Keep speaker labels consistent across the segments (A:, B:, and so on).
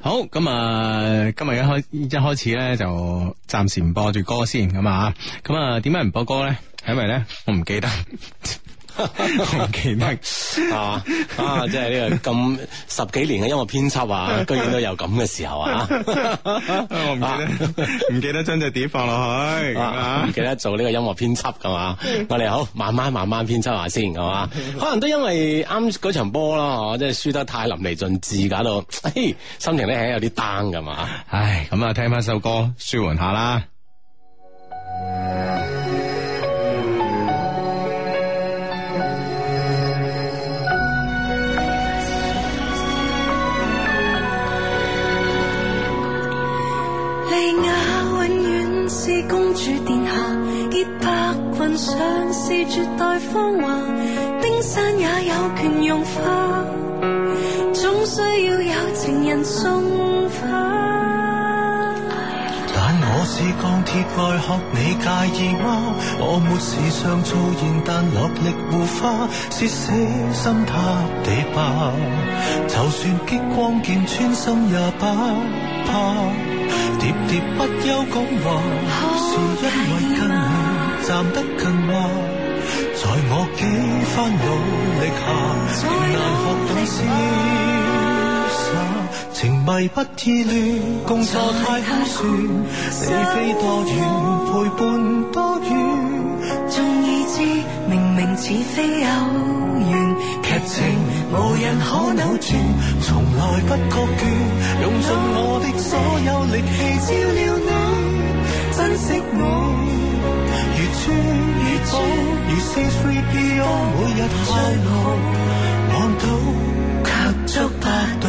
A: 好咁啊、嗯！今日一開一開始咧，始就暫時唔播住歌先咁啊！咁、嗯、啊，點解唔播歌咧？係咪咧？我唔記得。 我唔記得啊，啊，即係呢個咁十幾年嘅音樂編輯啊，居然都有咁嘅時候啊！我唔記得，唔記得將隻碟放落去，唔記得做呢個音樂編輯噶嘛？我哋好慢慢慢慢編輯下先，係嘛？可能都因為啱嗰場波啦，即係輸得太淋漓盡致，搞到嘿心情咧係有啲 down 噶嘛？唉，咁啊，聽翻首歌舒緩下啦。
B: 利亞永遠是公主殿下，潔白裙上是絕代芳華，冰山也有權融化，總需要有情人送花。但我是鋼鐵外殼，學你介意嗎？我沒時尚造型，但落力護花，是死心塌地吧？就算激光劍穿心也不怕。喋喋不休講話，是因為跟你站得近嗎？在我幾番努力下，仍難學懂瀟灑。情迷不自亂，工作太苦酸。是你非多遠，陪伴多遠，終已知，明明似非有緣，劇情。無人可扭轉，從來不覺倦，用盡我的所有力氣，照料你，珍惜你，如珠如寶如四歲皮膚，每日快樂望到卻觸不到。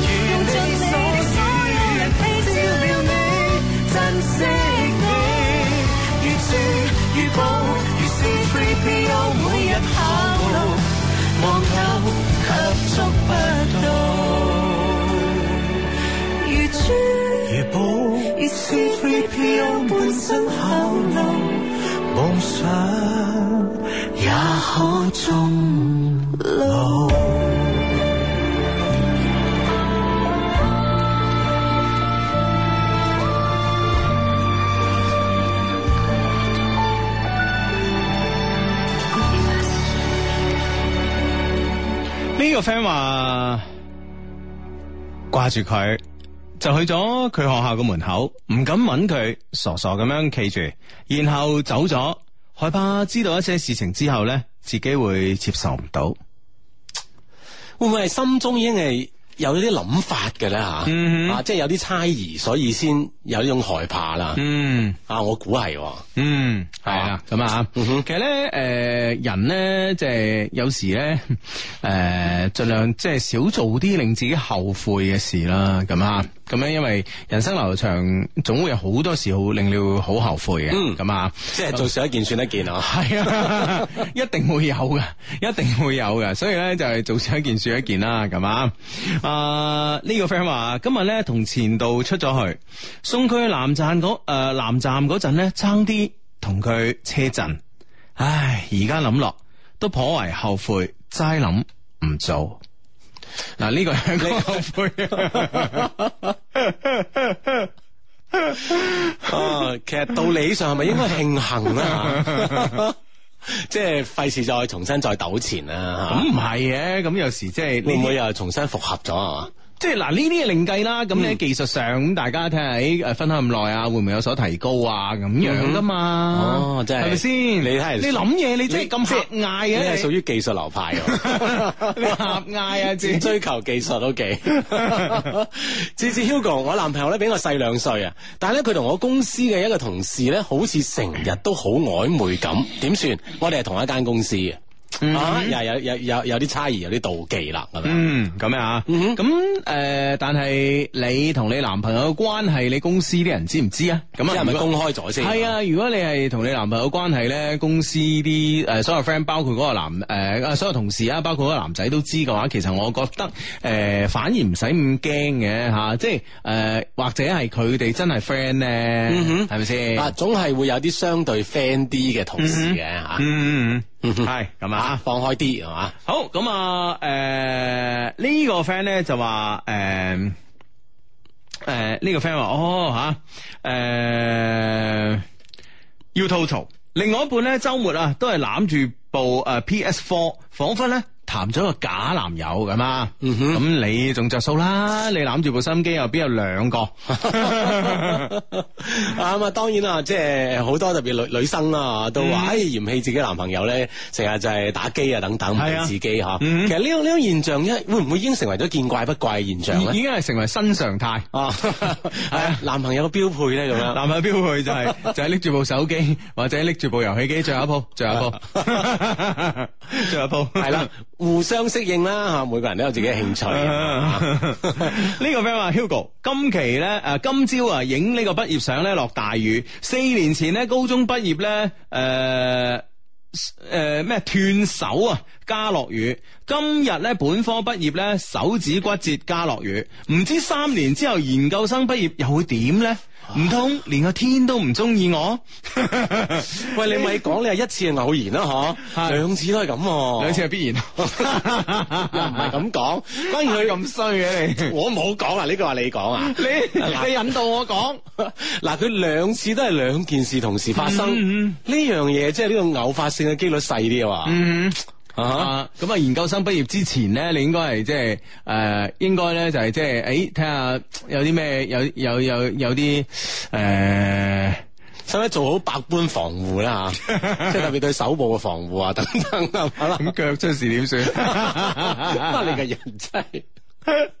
B: 惜你如珠如寶，如 C3PO 每日跑路，望到卻觸不到。如珠如寶報，如 C3PO 半生跑路，夢想也可終老。
A: 呢個 friend 話掛住佢，就去咗佢學校個門口，唔敢揾佢，傻傻咁樣企住，然後走咗，害怕知道一些事情之後咧，自己會接受唔到，會唔會係心中已經係？有啲諗法嘅咧吓，啊、嗯哼，即係有啲猜疑，所以先有呢種害怕啦。嗯，啊，我估係，嗯，係啊，咁、嗯、哼啊。其實咧，誒、呃，人咧即係有時咧，誒、呃，盡量即係、就是、少做啲令自己後悔嘅事啦。咁啊，咁樣因為人生流長，總會有好多時候令你好後悔嘅。嗯，咁啊，即係做少一件算一件啊。係 啊，一定會有嘅，一定會有嘅。所以咧，就係做少一件算一件啦。咁啊。啊！Uh, 個呢個 friend 話今日咧同前度出咗去，送佢去南站嗰誒南站陣咧爭啲同佢車震，唉而家諗落都頗為後悔，齋諗唔做。嗱、啊、呢、
B: 這個係佢後悔啊！其實道理上係咪應該慶幸啊？ 即
A: 係費事再重新再糾纏啦，咁唔係嘅，咁有時即係會唔會又重新復合咗啊？即係嗱，呢啲嘢另計啦。咁你喺技術上，咁大家睇下，誒、哎，分開咁耐啊，會唔會有所提高啊？咁樣噶嘛，哦，即係係咪先？是是你睇是你諗嘢，你真係咁吓嗌嘅。你係屬於技術流派喎，吓嗌 啊！只 追求技術都幾。次 次 Hugo，我男朋友咧比我細兩歲啊，但係咧佢同我公司嘅一個同事咧，好似成日都好曖昧咁，點算？我哋係同一間公司嘅。Mm hmm. 啊，又有有有有啲差異，有啲妒忌啦，係咪、mm？嗯、hmm.，咁啊，咁誒，但係你同你男朋友嘅關係，你公司啲人知唔知啊？咁係咪公開咗先？係啊，如果你係同你男朋友關係咧，公司啲誒所有 friend，包括嗰個男誒、呃，所有同事啊，包括嗰個男仔都知嘅話，其實我覺得誒、呃，反而唔使咁驚嘅吓，即係誒，或者係佢哋真係 friend 咧，係咪先？Hmm. 是是啊，總係會有啲相對 friend 啲嘅同事嘅吓。嗯嗯、mm。Hmm. Mm hmm. 係 咁啊，放開啲係嘛，好咁、 嗯嗯嗯這個哦、啊，誒呢個 friend 咧就話誒誒呢個 friend 話哦吓，誒要吐槽，另外一半咧周末啊都係攬住部誒 P S Four，仿佛咧。談咗個假男友咁啊，咁、嗯、哼你仲着數啦？你攬住部心機，入邊有兩個？啊 嘛、 嗯，當然啦，即係好多特別女女生啦、啊，都話唉嫌棄自己男朋友咧，成日就係打機啊等等唔理自己嗬。嗯、哼其實呢種呢種現象，會唔會已經成為咗見怪不怪嘅現象，已經係成為新常態啊！係 啊、嗯，男朋友嘅標配咧咁樣， 男朋友標配就係、是、就係拎住部手機或者拎住部遊戲機，最後一鋪，最後一鋪， 最後一鋪，係 啦 一。 互相適應啦嚇，每個人都有自己嘅興趣。呢、啊、 個咩話：Hugo，今期咧誒，今朝啊影呢，呢個畢業相咧落大雨。四年前咧高中畢業咧誒誒咩斷手啊加落雨，今日咧本科畢業咧手指骨折加落雨，唔知三年之後研究生畢業又會點咧？唔通連個天都唔中意我？ 喂，你咪講你係一次係偶然啦，吓兩是次都係咁、啊，兩次係必然。又唔係咁講， 關鍵佢咁衰嘅你。我冇講啊，呢句話你講啊，你你引導我講。嗱，佢兩次都係兩件事同時發生，呢、嗯嗯、樣嘢即係呢個偶發性嘅幾率細啲啊嘛。嗯啊咁、uh huh. 啊！研究生畢業之前咧，你應該係即係誒，應該咧就係即係誒，睇、呃、下有啲咩有有有有啲誒，使唔使做好百般防護啦吓？即係 特別對手部嘅防護啊等等，係嘛？咁腳出事點算？ 你嘅人真係。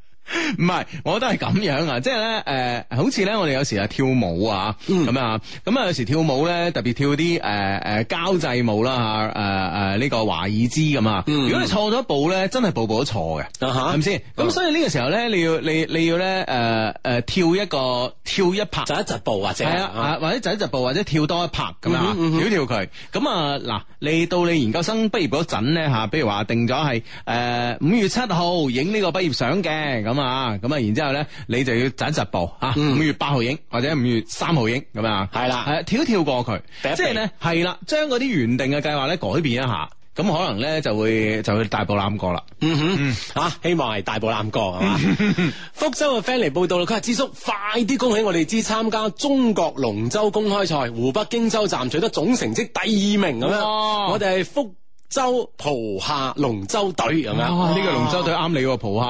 A: 唔係，我覺得係咁樣啊，即係咧，誒、呃，好似咧，我哋有時啊跳舞啊，咁啊、嗯，咁啊，嗯、有時跳舞咧，特別跳啲誒誒交際舞啦吓，誒誒呢個華爾茲咁啊。嗯、如果你錯咗一步咧，真係步步都錯嘅，係咪先？咁、啊啊、所以呢個時候咧，你要你你要咧，誒、呃、誒、呃、跳一個跳一拍，走一,一步或者係啊，或者走一步或者跳多一拍咁、嗯、啊，跳跳佢。咁啊，嗱，你到你研究生畢業嗰陣咧吓，比如話定咗係誒五月七號影呢個畢業相嘅咁。啊，咁啊，然之後咧，你就要走一步吓，五、啊、月八號影或者五月三號影咁啊，係啦，係跳一跳過佢，即係咧，係啦、啊，將嗰啲原定嘅計劃咧改變一下，咁可能咧就會就會大步攬過啦，嗯、哼啊，希望係大步攬過係嘛， 福州嘅 friend 嚟報道啦，佢話支叔快啲恭喜我哋支參加中國龍舟公開賽湖北荊州站取得總成績第二名咁樣，啊、我哋福。州浦下龍舟隊係咪呢個龍舟隊啱你喎，浦下，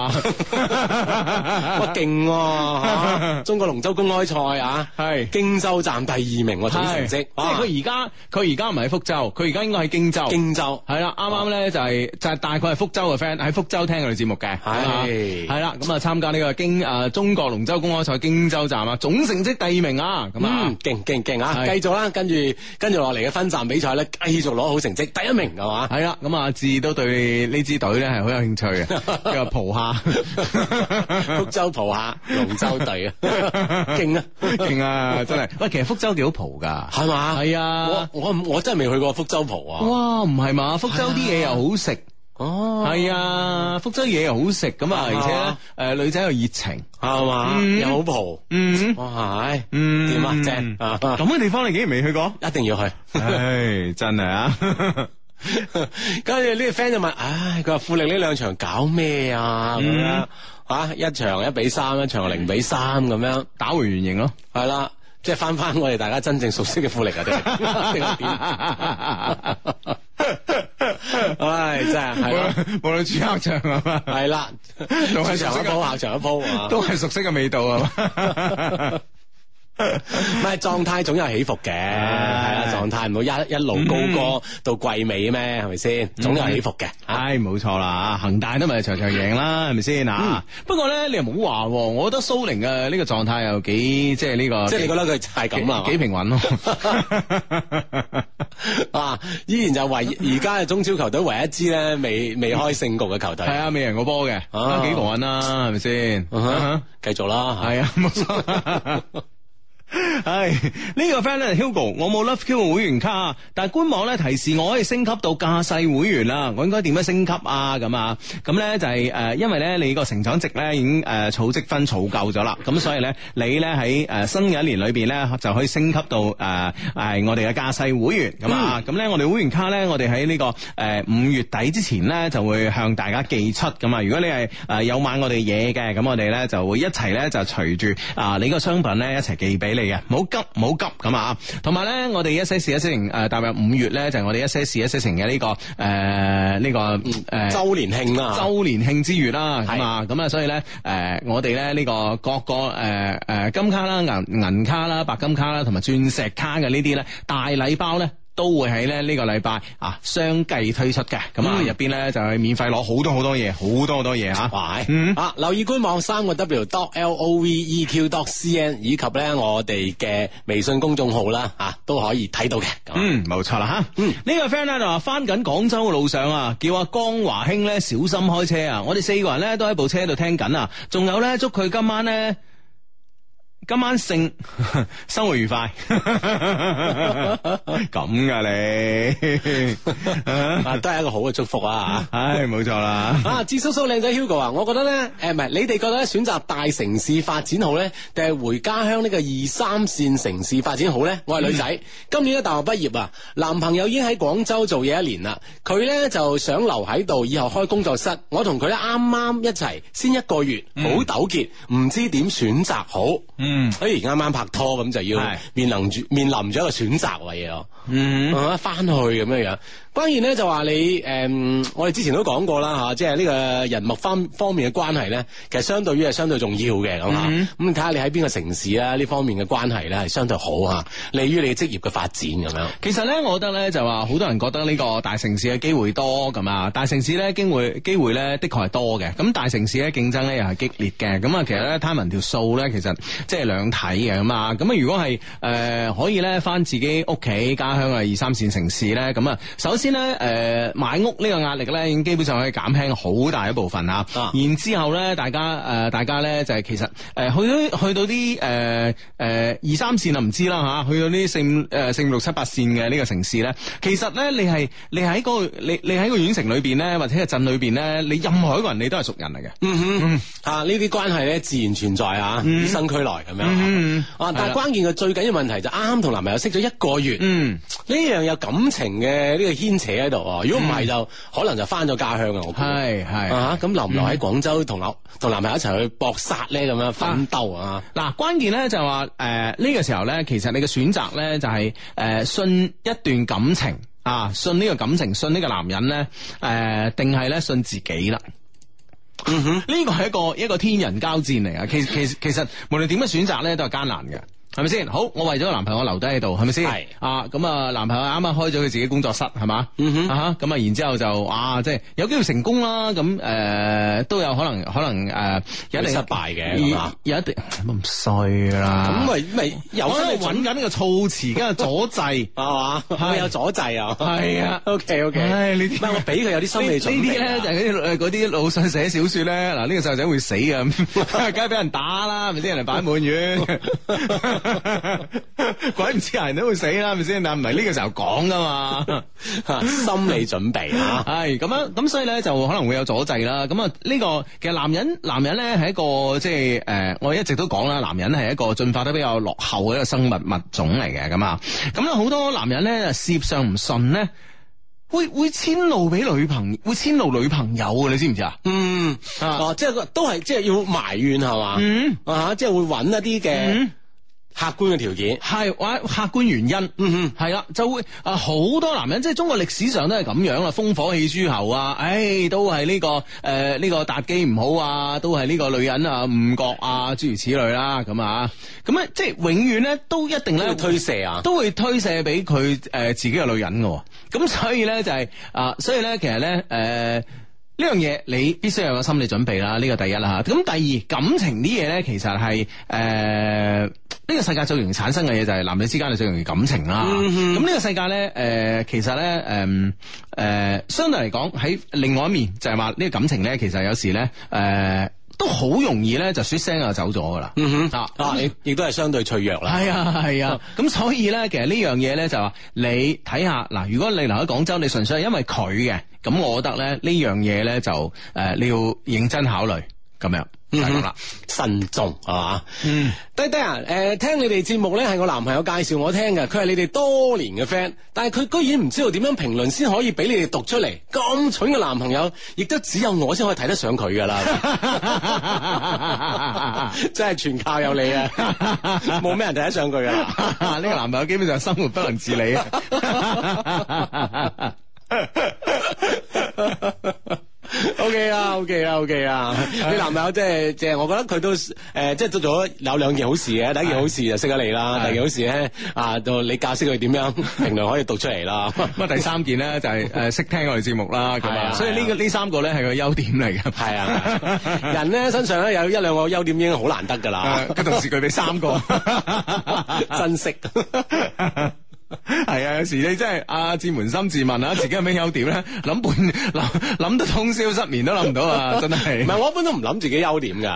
A: 哇勁！中國龍舟公開賽啊，係荊州站第二名，總成績。即係佢而家佢而家唔係福州，佢而家應該喺荊州。荊州係啦，啱啱咧就係就係大概係福州嘅 friend 喺福州聽我哋節目嘅，系係啦，咁啊參加呢個京誒中國龍舟公開賽荊州站啊，總成績第二名啊，咁啊，勁勁唔勁啊？繼續啦，跟住跟住落嚟嘅分站比賽咧，繼續攞好成績，第一名係嘛？係啦，咁阿智都對呢支隊咧係好有興趣嘅，叫做蒲蝦福州蒲蝦龍舟隊啊，勁啊勁啊，真係！喂，其實福州幾好蒲噶，係嘛？係啊，我我真係未去過福州蒲啊！哇，唔係嘛，福州啲嘢又好食哦，係啊，福州嘢又好食咁啊，而且誒，女仔又熱情
B: 係嘛，又好蒲！
A: 嗯，哇，係，嗯，點啊，正咁嘅地方你竟然未去過，一定要去，唉，真係啊！跟住呢個 friend 就問，唉，佢話富力呢兩場搞咩啊？咁樣、嗯，啊，一場一比三，一場零比三，咁樣打回原形咯。係啦，即係翻翻我哋大家真正熟悉嘅富力啊，唉 哎，真係，無論主客場啊嘛。係啦了，主場一鋪，客場一鋪，都係熟悉嘅味道啊嘛。 唔係狀態總有起伏嘅，係啊，狀態唔好一一路高歌到季尾咩？係咪先？總有起伏嘅，唉，冇錯啦。恒大都咪場場贏啦，係咪先啊？不過咧，你又唔好話，我覺得蘇寧嘅呢個狀態又幾即係呢個，即係你覺得佢係咁啊？幾平穩咯，啊，依然就為而家嘅中超球隊唯一支咧未未開勝局嘅球隊，係啊，未贏過波嘅，幾平穩啦，係咪先？繼續啦，係啊，冇錯。唉，呢、這個 friend 咧，Hugo，我冇 Love Q 會員卡，但係官網咧提示我可以升級到架勢會員啦，我應該點樣升級啊？咁啊，咁咧就係、是、誒、呃，因為咧你個成長值咧已經誒儲積分儲夠咗啦，咁所以咧你咧喺誒新嘅一年裏邊咧就可以升級到誒係、呃呃、我哋嘅架勢會員咁啊，咁咧我哋會員卡咧，我哋喺呢個誒五、呃、月底之前咧就會向大家寄出咁啊，如果你係誒、呃、有買我哋嘢嘅，咁我哋咧就會一齊咧就隨住啊你個商品咧一齊寄俾你。係嘅，唔好急，唔好急咁啊！同埋咧，我哋一些事一些情誒，大約五月咧，就係我哋一些事一些情嘅呢個誒，呢個誒周年慶啦，周年慶之月啦，係嘛。咁啊，所以咧，誒，我哋咧呢個各個誒誒、呃呃、金卡啦、銀銀卡啦、白金卡啦同埋鑽石卡嘅呢啲咧大禮包咧。都會喺咧呢個禮拜啊，相繼推出嘅。咁啊，入邊咧就係免費攞好多好多嘢，好多好多嘢啊！嗯，啊，留意官網三個 w dot l o v e q dot c n 以及咧我哋嘅微信公眾號啦，啊，啊都可以睇到嘅。啊、嗯，冇錯啦，吓、啊。嗯、個呢個 friend 咧就話翻緊廣州嘅路上啊，叫阿江華興咧小心開車啊！我哋四個人咧都喺部車度聽緊啊，仲有咧祝佢今晚咧。今晚勝， 生活愉快。咁噶你 都係一個好嘅祝福啊、 哎！唉，冇錯啦。啊，智叔叔靚仔 Hugo 啊，我覺得咧，誒、呃，唔係你哋覺得選擇大城市發展好咧，定係回家鄉呢個二三線城市發展好咧？我係女仔，嗯、今年咧大學畢業啊，男朋友已經喺廣州做嘢一年啦，佢咧就想留喺度，以後開工作室。我同佢啱啱一齊先一個月，好糾結，唔知點選擇好。嗯嗯，哎，啱啱拍拖咁就要面臨住是面臨住一個選擇嘅嘢咯，嗯、啊，翻去咁樣樣。當然咧就話你誒、嗯，我哋之前都講過啦吓，即係呢個人脈方方面嘅關係咧，其實相對於係相對重要嘅咁吓。咁睇下你喺邊個城市啊，呢方面嘅關係咧係相對好吓、啊，利於你職業嘅發展咁樣。啊、其實咧，我覺得咧就話好多人覺得呢個大城市嘅機會多咁啊，大城市咧機會機會咧的確係多嘅。咁大城市咧競爭咧又係激烈嘅。咁啊，其實咧攤埋條數咧，其實即係兩睇嘅嘛。咁啊，如果係誒、呃、可以咧翻自己屋企家鄉啊二三線城市咧，咁啊首。先咧，誒買屋呢個壓力咧，已經基本上可以減輕好大一部分啊。嗯嗯，然之後咧，大家誒、呃，大家咧就係其實誒、呃、去到去到啲誒誒二三線啊，唔知啦嚇，去到啲、呃啊、四五四五六七八線嘅呢個城市咧，其實咧你係你喺、那個你你喺個縣城裏邊咧，或者係鎮裏邊咧，你任何一個人你都係熟人嚟嘅。啊呢啲關係咧自然存在啊，嗯、與生俱來咁樣。嗯嗯啊，但係關鍵嘅對 最緊要問題就啱啱同男朋友識咗一個月。嗯，呢樣有感情嘅呢個牽扯喺度啊，如果唔係就可能就翻咗家鄉啊！我估係係啊，咁留唔留喺廣州同男同男朋友一齊去搏殺咧？咁樣奮鬥啊！嗱、啊，關鍵咧就係話誒呢個時候咧，其實你嘅選擇咧就係、是、誒、呃、信一段感情啊，信呢個感情，信呢個男人咧誒，定係咧信自己啦。嗯、哼，呢個係一個一個天人交戰嚟啊！其其其實無論點樣選擇咧，都係艱難嘅。係咪先？好，我為咗個男朋友留低喺度，係咪先？係啊，咁啊，男朋友啱啱開咗佢自己工作室，係嘛？嗯哼，咁啊，然之後就啊，即係有機會成功啦。咁誒，都有可能，可能誒，有啲失敗嘅，有啲咁衰啦。咁咪咪有啊？搵緊呢個措辭，梗係阻滯係嘛？有阻滯啊？係啊。OK OK。你呢啲，我俾佢有啲心理。呢啲咧就嗰啲誒，嗰啲好想寫小說咧。嗱，呢個細路仔會死噶，梗係俾人打啦，咪，啲人嚟擺滿院。 鬼唔知人都會死啦，係咪先？但唔係呢個時候講噶嘛， 心理準備吓。係咁樣咁，所以咧就可能會有阻滯啦。咁啊，呢、這個其實男人男人咧係一個即係誒、呃，我一直都講啦，男人係一個進化得比較落後嘅一個生物物種嚟嘅。咁啊，咁咧好多男人咧事業上唔順咧，會會遷怒俾女朋友，會遷怒女朋友，你知唔知啊？嗯，啊、哦，即係都係，即係要埋怨係嘛？嗯啊，即係會揾一啲嘅、嗯。客觀嘅條件係，或、啊、客觀原因，嗯哼，係、嗯、啦，就會啊好多男人，即係中國歷史上都係咁樣啦，烽火戲諸侯啊，唉、哎，都係呢、這個誒呢、呃這個妲己唔好啊，都係呢個女人啊唔覺啊，諸如此類啦，咁啊，咁咧、啊、即係永遠咧都一定咧推卸啊，都會推卸俾佢誒自己嘅女人嘅、啊，咁所以咧就係、是、啊、呃，所以咧其實咧誒呢、呃、樣嘢你必須有個心理準備啦，呢、這個第一啦吓，咁、啊、第二感情啲嘢咧其實係誒。呃呢個世界最容易產生嘅嘢就係、是、男女之間最容易感情啦。咁呢、嗯、哼個世界咧，誒、呃，其實咧，誒，誒，相對嚟講喺另外一面就係話呢個感情咧，其實有時咧，誒、呃，都好容易咧就說聲就走咗噶啦。啊、嗯、哼啊，亦、嗯啊、都係相對脆弱啦。係啊，係啊。咁、啊嗯、所以咧，其實呢樣嘢咧就話、是、你睇下嗱，如果你留喺廣州，你純粹係因為佢嘅，咁我覺得咧呢樣嘢咧就誒你要認真考慮。今日嚟講啦，嗯、慎重係嘛？嗯，低低啊，誒、呃，聽你哋節目咧，係我男朋友介紹我聽嘅，佢係你哋多年嘅 friend，但係佢居然唔知道點樣評論先可以俾你哋讀出嚟，咁蠢嘅男朋友，亦都只有我先可以睇得上佢噶啦， 真係全靠有你啊，冇 咩人睇得上佢啊，呢個男朋友基本上生活不能自理啊。 啊、yeah，OK 啦，OK 你男朋友即係即係， 我覺得佢都誒、呃，即係做咗有兩件好事嘅。第一件好事就識得你啦， 第二件好事咧啊，就你教識佢點樣，評論可以讀出嚟啦。咁啊，第三件咧就係、是、誒，識、呃、聽我哋節目啦。咁啊，所以呢個呢三個咧係個優點嚟嘅。係 啊， 人咧身上咧有一兩個優點已經好難得噶啦，佢 同時佢具備三個，珍 惜真識.。 係啊，有時你真係阿、啊、自捫心自問啊，自己有咩優點咧？諗半諗諗到通宵失眠都諗唔到 啊！真係唔係我一般都唔諗自己優點噶，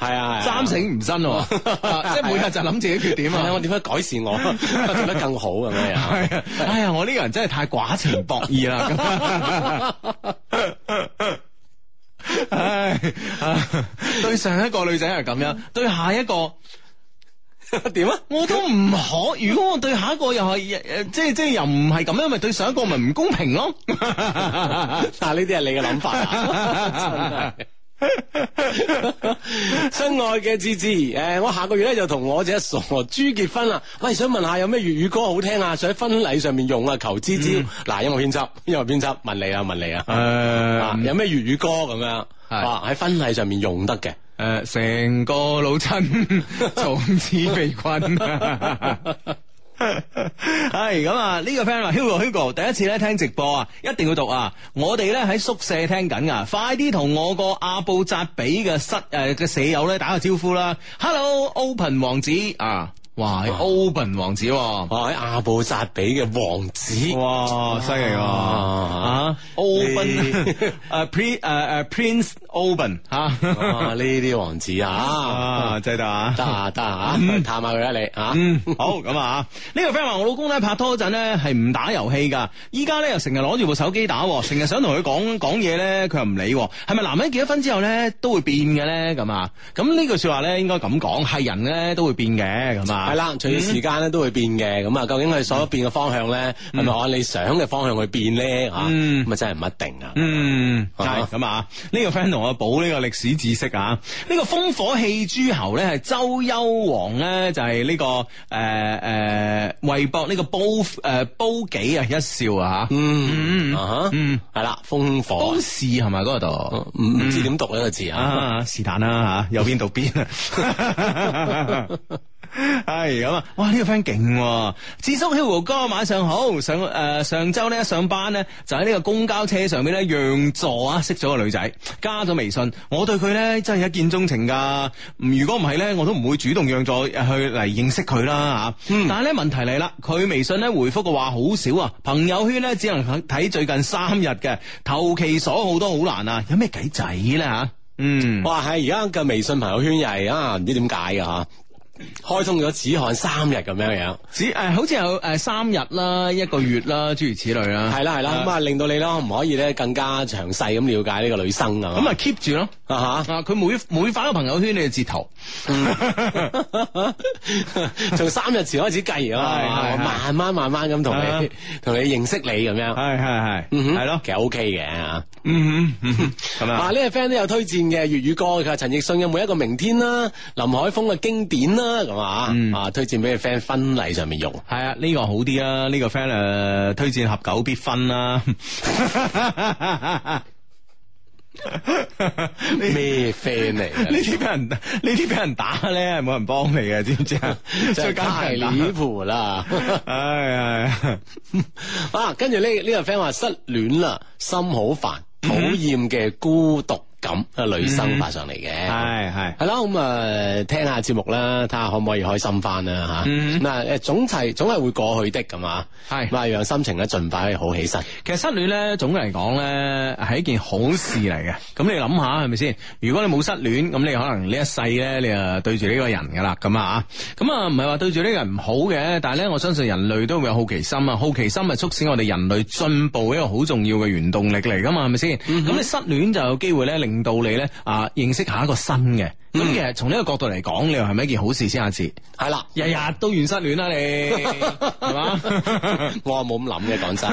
A: 係啊，三省吾身，即係每日就諗自己缺點啊！我點樣改善我， 我做得更好咁樣啊？係啊！哎呀，我呢個人真係太寡情薄義啦！唉、啊，對上一個女仔係咁樣，對下一個。點啊？啊我都唔可。如果我對下一個又係誒、呃，即係即係又唔係咁樣，咪對上一個咪唔公平咯。嗱、 啊，呢啲係你嘅諗法啊！真係。親 愛嘅芝芝，誒、欸，我下個月咧就同我隻傻豬結婚啦。喂、欸，想問下有咩粵語歌好聽啊？想喺婚禮上面用啊？求支招。嗱、嗯，音樂編輯，音樂編輯，問你啊，問你、嗯、啊。誒，有咩粵語歌咁樣的啊？喺婚禮上面用得嘅。誒，成、呃、個老襯從此被困啦！係咁啊，呢、這個 friend 話，Hugo，Hugo，第一次咧聽直播啊，一定要讀啊！我哋咧喺宿舍聽緊啊，快啲同我個阿布扎比嘅室誒嘅舍友咧打個招呼啦！Hello，Open 王子啊！哇，歐賓王子，哇喺阿布扎比嘅王子，哇，犀利啊！啊，歐賓，誒，pr 誒誒，Prince Oben，啊，呢啲王子啊，真係得啊，得啊，得啊，去探下佢啦，你啊，好，咁啊，呢個 friend 話我老公咧拍拖嗰陣咧係唔打遊戲噶，依家咧又成日攞住部手機打，成日想同佢講講嘢咧，佢又唔理，係咪男人結咗婚之後咧都會變嘅咧？咁啊，咁呢句說話咧應該咁講，係人咧都會變嘅，咁啊。係啦，隨住時間咧都會變嘅，咁啊，究竟佢所變嘅方向咧，係咪按你想嘅方向去變咧？吓，咁啊，真係唔一定啊。嗯，係咁啊，呢個 friend 同我補呢個歷史知識啊。呢個烽火戲諸侯咧，係周幽王咧，就係呢個誒誒衛博呢個褒誒褒姒啊一笑啊吓。嗯嗯嗯，係啦，烽火褒姒係咪嗰度？唔知點讀呢個字啊？是但啦吓，有邊讀邊。係咁啊！哇，呢、這個 friend 勁智叔 h u g 哥，晚上好上誒。上周咧一上班咧，就喺呢個公交車上邊咧讓座啊，識咗個女仔，加咗微信。我對佢咧真係一見鍾情噶。如果唔係咧，我都唔會主動讓座、啊、去嚟認識佢啦吓。嗯、但係咧問題嚟啦，佢微信咧回覆嘅話好少啊。朋友圈咧只能睇最近三日嘅，投其所好都好難啊。有咩計仔啦吓？嗯，哇係，而家嘅微信朋友圈又係啊，唔知點解啊。吓。開通咗只限三日咁樣樣，只誒，好似有誒三日啦，一個月啦，諸如此類啦，係啦係啦，咁啊令到你咯，唔可以咧更加詳細咁了解呢個女生啊？咁啊 keep 住咯，啊吓，佢每每返個朋友圈，你截圖，從三日前開始計哦，慢慢慢慢咁同你同你認識你咁樣，係係係，係咯，其實 O K 嘅啊，咁啊，啊呢個 friend 都有推薦嘅粵語歌，㗎係陳奕迅嘅每一個明天啦，林海峰嘅經典啦。咁、嗯、啊，啊推薦俾個 friend 婚禮上面用，係啊呢個好啲啊，呢、這個 friend 誒、呃、推薦合久必分啦、啊。咩 friend 嚟？呢啲俾人呢啲俾人打咧，冇 人幫你 啊，知唔知啊？真係太離譜啦！啊跟住呢呢個 friend 話失戀啦，心好煩，討厭嘅孤獨。咁啊，女生發上
B: 嚟
A: 嘅，係係係啦，咁 啊， 聽下節目啦，睇下可唔可以開心翻啦吓。嗱、啊，誒， 總係總係會過去的，咁啊，係，讓 心情咧盡快好起身。其實失戀咧，總嘅嚟講咧，係一件好事嚟嘅。咁你諗下係咪先？如果你冇失戀，咁你可能呢一世咧，你啊對住呢個人噶啦，咁啊咁啊，唔係話對住呢個人唔好嘅，但係咧，我相信人類都會有好奇心啊。好奇心係促使我哋人類進步一個好重要嘅原動力嚟噶嘛，係咪先？咁 你失戀就有機會咧令。令到你咧啊，認識下一個新嘅。咁、嗯、其實從呢個角度嚟講，你話係咪一件好事先？下次係啦，日日了都怨失戀啦、啊，你係嘛？我冇咁諗嘅，講真。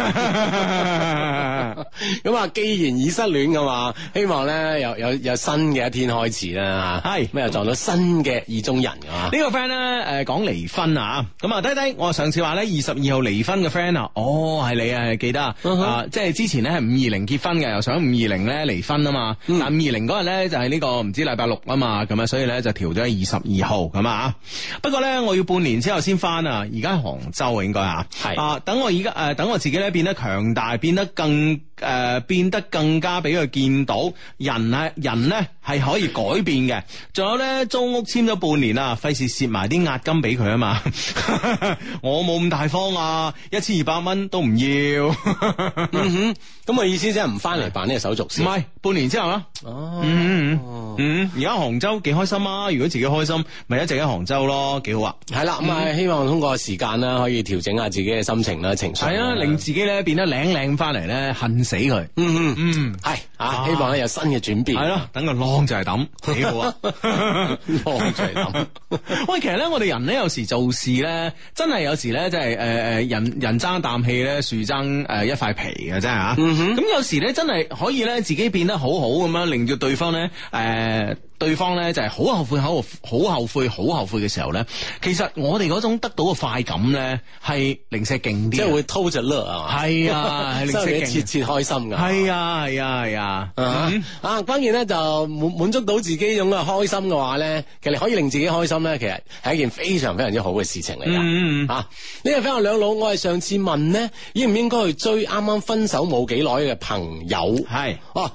A: 咁啊， 既然已失戀嘅話，希望咧有有有新嘅一天開始啦、啊。係咩是？又撞到新嘅意中人嘅、啊嗯、呢個 friend 咧，誒，講離婚啊，咁啊，低低，我上次話咧，二十二號離婚嘅 friend 啊，哦，係你啊，係記得、uh huh. 啊，即係之前咧係五二零結婚嘅，又想五二零咧離婚啊嘛，但五二零嗰日咧就係、是、呢、這個唔知禮拜六啊嘛。咁啊，所以咧就調咗喺二十二號咁啊，不過咧我要半年之後先翻啊，而家杭州啊，應該啊，係啊，等我而家誒，等我自己咧變得強大，變得更誒、呃，變得更加俾佢見到人啊，人咧係可以改變嘅。仲有咧租屋簽咗半年啊，費事蝕埋啲押金俾佢啊嘛， 我冇咁大方啊，一千二百蚊都唔要，咁 啊、嗯那個、意思即係唔翻嚟辦呢個手續，先唔係半年之後啊哦，嗯嗯，而家杭州。幾開心啊！如果自己開心，咪一直喺杭州咯，幾好啊！係啦，咁啊，希望通過時間啦，可以調整下自己嘅心情啦，情緒係啊，令自己咧變得靚靚咁翻嚟咧，恨死佢！嗯嗯嗯，係啊，希望咧有新嘅轉變。係咯，等個浪就係抌，幾好啊！哦，就
C: 係抌。
A: 喂，其實咧，我哋人咧有時做事咧，真係有時咧，即係誒誒，人人爭啖氣咧，樹爭誒一塊皮嘅真係啊！咁有時咧，真係可以咧，自己變得好好咁樣，令住對方咧誒。對方咧就係、是、好後悔、好好後悔、好後悔嘅時候咧，其實我哋嗰種得到嘅快感咧，係零舍勁啲，即係會拖着落啊，係啊，令自己切切開心噶，係啊，係啊，係啊，啊啊，關鍵咧、嗯啊、就滿滿足到自己種嘅開心嘅話咧，其實可以令自己開心咧，其實係一件非常非常之好嘅事情嚟噶，嗯嗯嗯啊，呢、這個朋友兩老，我係上次問呢，應唔應該去追啱啱分手冇幾耐嘅朋友，係哦是。啊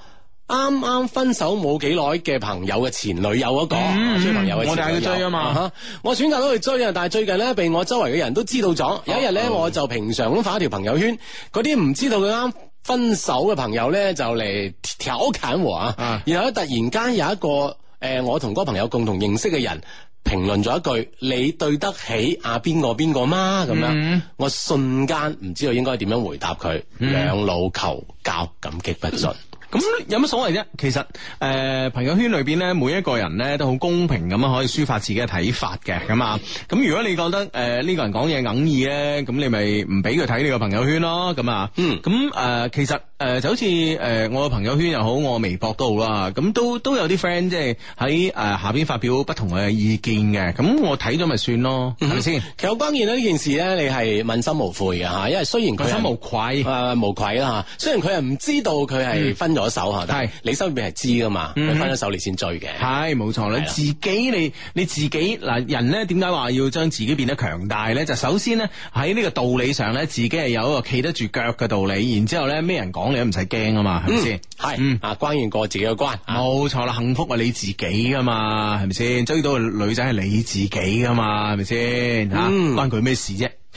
A: 啱啱分手冇幾耐嘅朋友嘅前女友嗰、那個，嗯、追朋友嘅前女友啊嘛，吓、uh，huh, 我選擇咗去追啊。但係最近咧，被我周圍嘅人都知道咗。有一日咧，uh oh. 我就平常咁發一條朋友圈，嗰啲唔知道佢啱分手嘅朋友咧，就嚟挑揀啊。Uh huh. 然後咧，突然間有一個誒、呃，我同個朋友共同認識嘅人評論咗一句：你對得起阿、啊、邊個邊個媽咁樣，mm hmm. 我瞬間唔知道應該點樣回答佢。Mm hmm. 兩老求教，感激不盡。咁有乜所謂啫？其實，誒、呃，朋友圈裏邊咧，每一個人咧都好公平咁樣可以抒發自己嘅睇法嘅，咁啊。咁如果你覺得誒呢、呃呢個人講嘢硬意咧，咁你咪唔俾佢睇你個朋友圈咯。咁啊，嗯。咁、呃、誒，其實。誒，就好似誒，我朋友圈又好，我微博好都好啦，咁都都有啲 friend 即係喺誒下邊發表不同嘅意見嘅，咁我睇咗咪算咯，係咪先？吧其實關鍵呢件事呢，你係問心無愧嘅吓，因為雖然問心無愧誒、呃、無愧啦吓，雖然佢係唔知道佢係分咗手吓，嗯、但係你心入邊係知噶嘛，佢、嗯、哼分咗手你先追嘅，係冇錯啦。自己你你自己嗱人呢點解話要將自己變得強大呢？就是、首先呢，喺呢個道理上呢，自己係有一個企得住腳嘅道理，然之後咧咩人講。講你唔使驚啊嘛，係咪先？係啊，是嗯、關完過自己嘅關，冇錯啦。啊、幸福係你自己噶嘛，係咪先？追到女仔係你自己噶嘛，係咪先？吓、嗯，關佢咩事啫？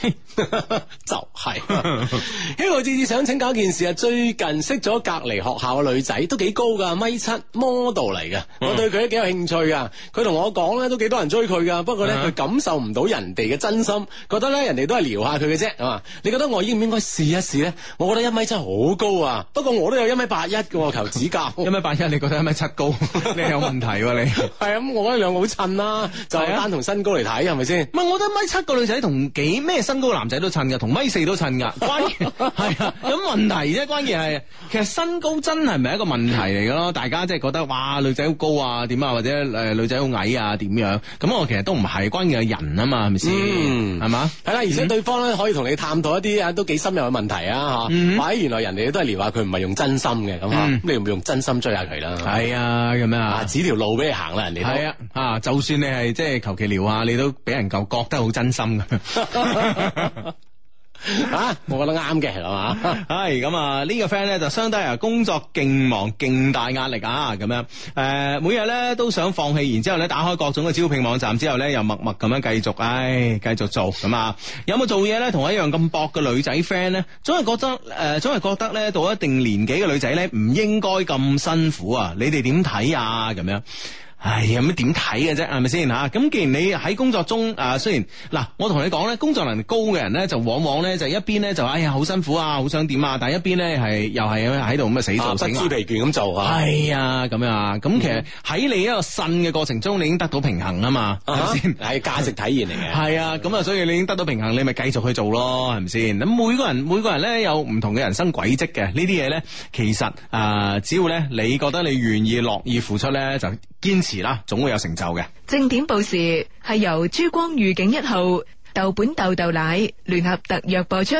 A: 就係、啊，一路至至想請教一件事啊！最近識咗隔籬學校嘅女仔，都幾高噶米七 model 嚟噶，我對佢都幾有興趣噶。佢同我講咧，都幾多人追佢噶，不過咧佢 感受唔到人哋嘅真心，覺得咧人哋都係撩下佢嘅啫。啊，你覺得我應唔應該試一試咧？我覺得一米七好高啊，不過我都有一米八一嘅、啊，求指教。 一米八一你覺得一米七高？你有問題啊？你係 啊、 嗯，我覺得兩個好襯啦，就單同身高嚟睇，係咪先？唔係，我覺得一米七個女仔同幾咩？身高男仔都襯噶，同米四都襯噶。關鍵係啊，咁問題啫。關鍵係，其實身高真係唔係一個問題嚟噶咯。大家即係覺得哇，女仔好高啊，點啊，或者誒女仔好矮啊，點樣？咁我其實都唔係。關鍵係人啊嘛，係咪先？係嘛？係啦，而且對方咧可以同你探討一啲啊，都幾深入嘅問題啊。吓，或者原來人哋都係聊下佢唔係用真心嘅咁啊。咁你咪用真心追下佢啦。係啊，咁樣啊，指條路俾你行啦，人哋。係啊，啊，就算你係即係求其聊下，你都俾人夠覺得好真心。 啊！我覺得啱嘅係嘛，係咁 啊、這個、呢個 friend 咧就相當於工作勁忙勁大壓力啊咁樣啊，誒每日咧都想放棄，然之後咧打開各種嘅招聘網站之後咧又默默咁樣繼續，唉繼續做咁。啊，有冇做嘢咧？同我一樣咁搏嘅女仔 friend 咧，總係覺得誒、呃、總係覺得咧到一定年紀嘅女仔咧唔應該咁辛苦啊！你哋點睇啊？咁樣、啊。哎呀，有咩點睇嘅啫，係咪先吓？咁、啊、既然你喺工作中，啊雖然嗱，我同你講咧，工作能力高嘅人咧，就往往咧就一邊咧就哎呀好辛苦啊，好想點啊，但係一邊咧係又係喺度咁嘅死做、啊啊，不知疲倦咁做啊。係啊、哎，咁樣啊。咁、嗯嗯、其實喺你一個呻嘅過程中，你已經得到平衡啊嘛，係咪先？係價值體驗嚟嘅。係啊，咁啊，所以你已經得到平衡，你咪繼續去做咯，係咪先？咁、啊、每個人每個人咧有唔同嘅人生軌跡嘅，呢啲嘢咧其實啊，只要咧你覺得你願意樂意付出咧，就堅持。遲啦，總會有成就嘅。
B: 正點報時係由珠光御景一號豆本豆豆奶聯合特約播出。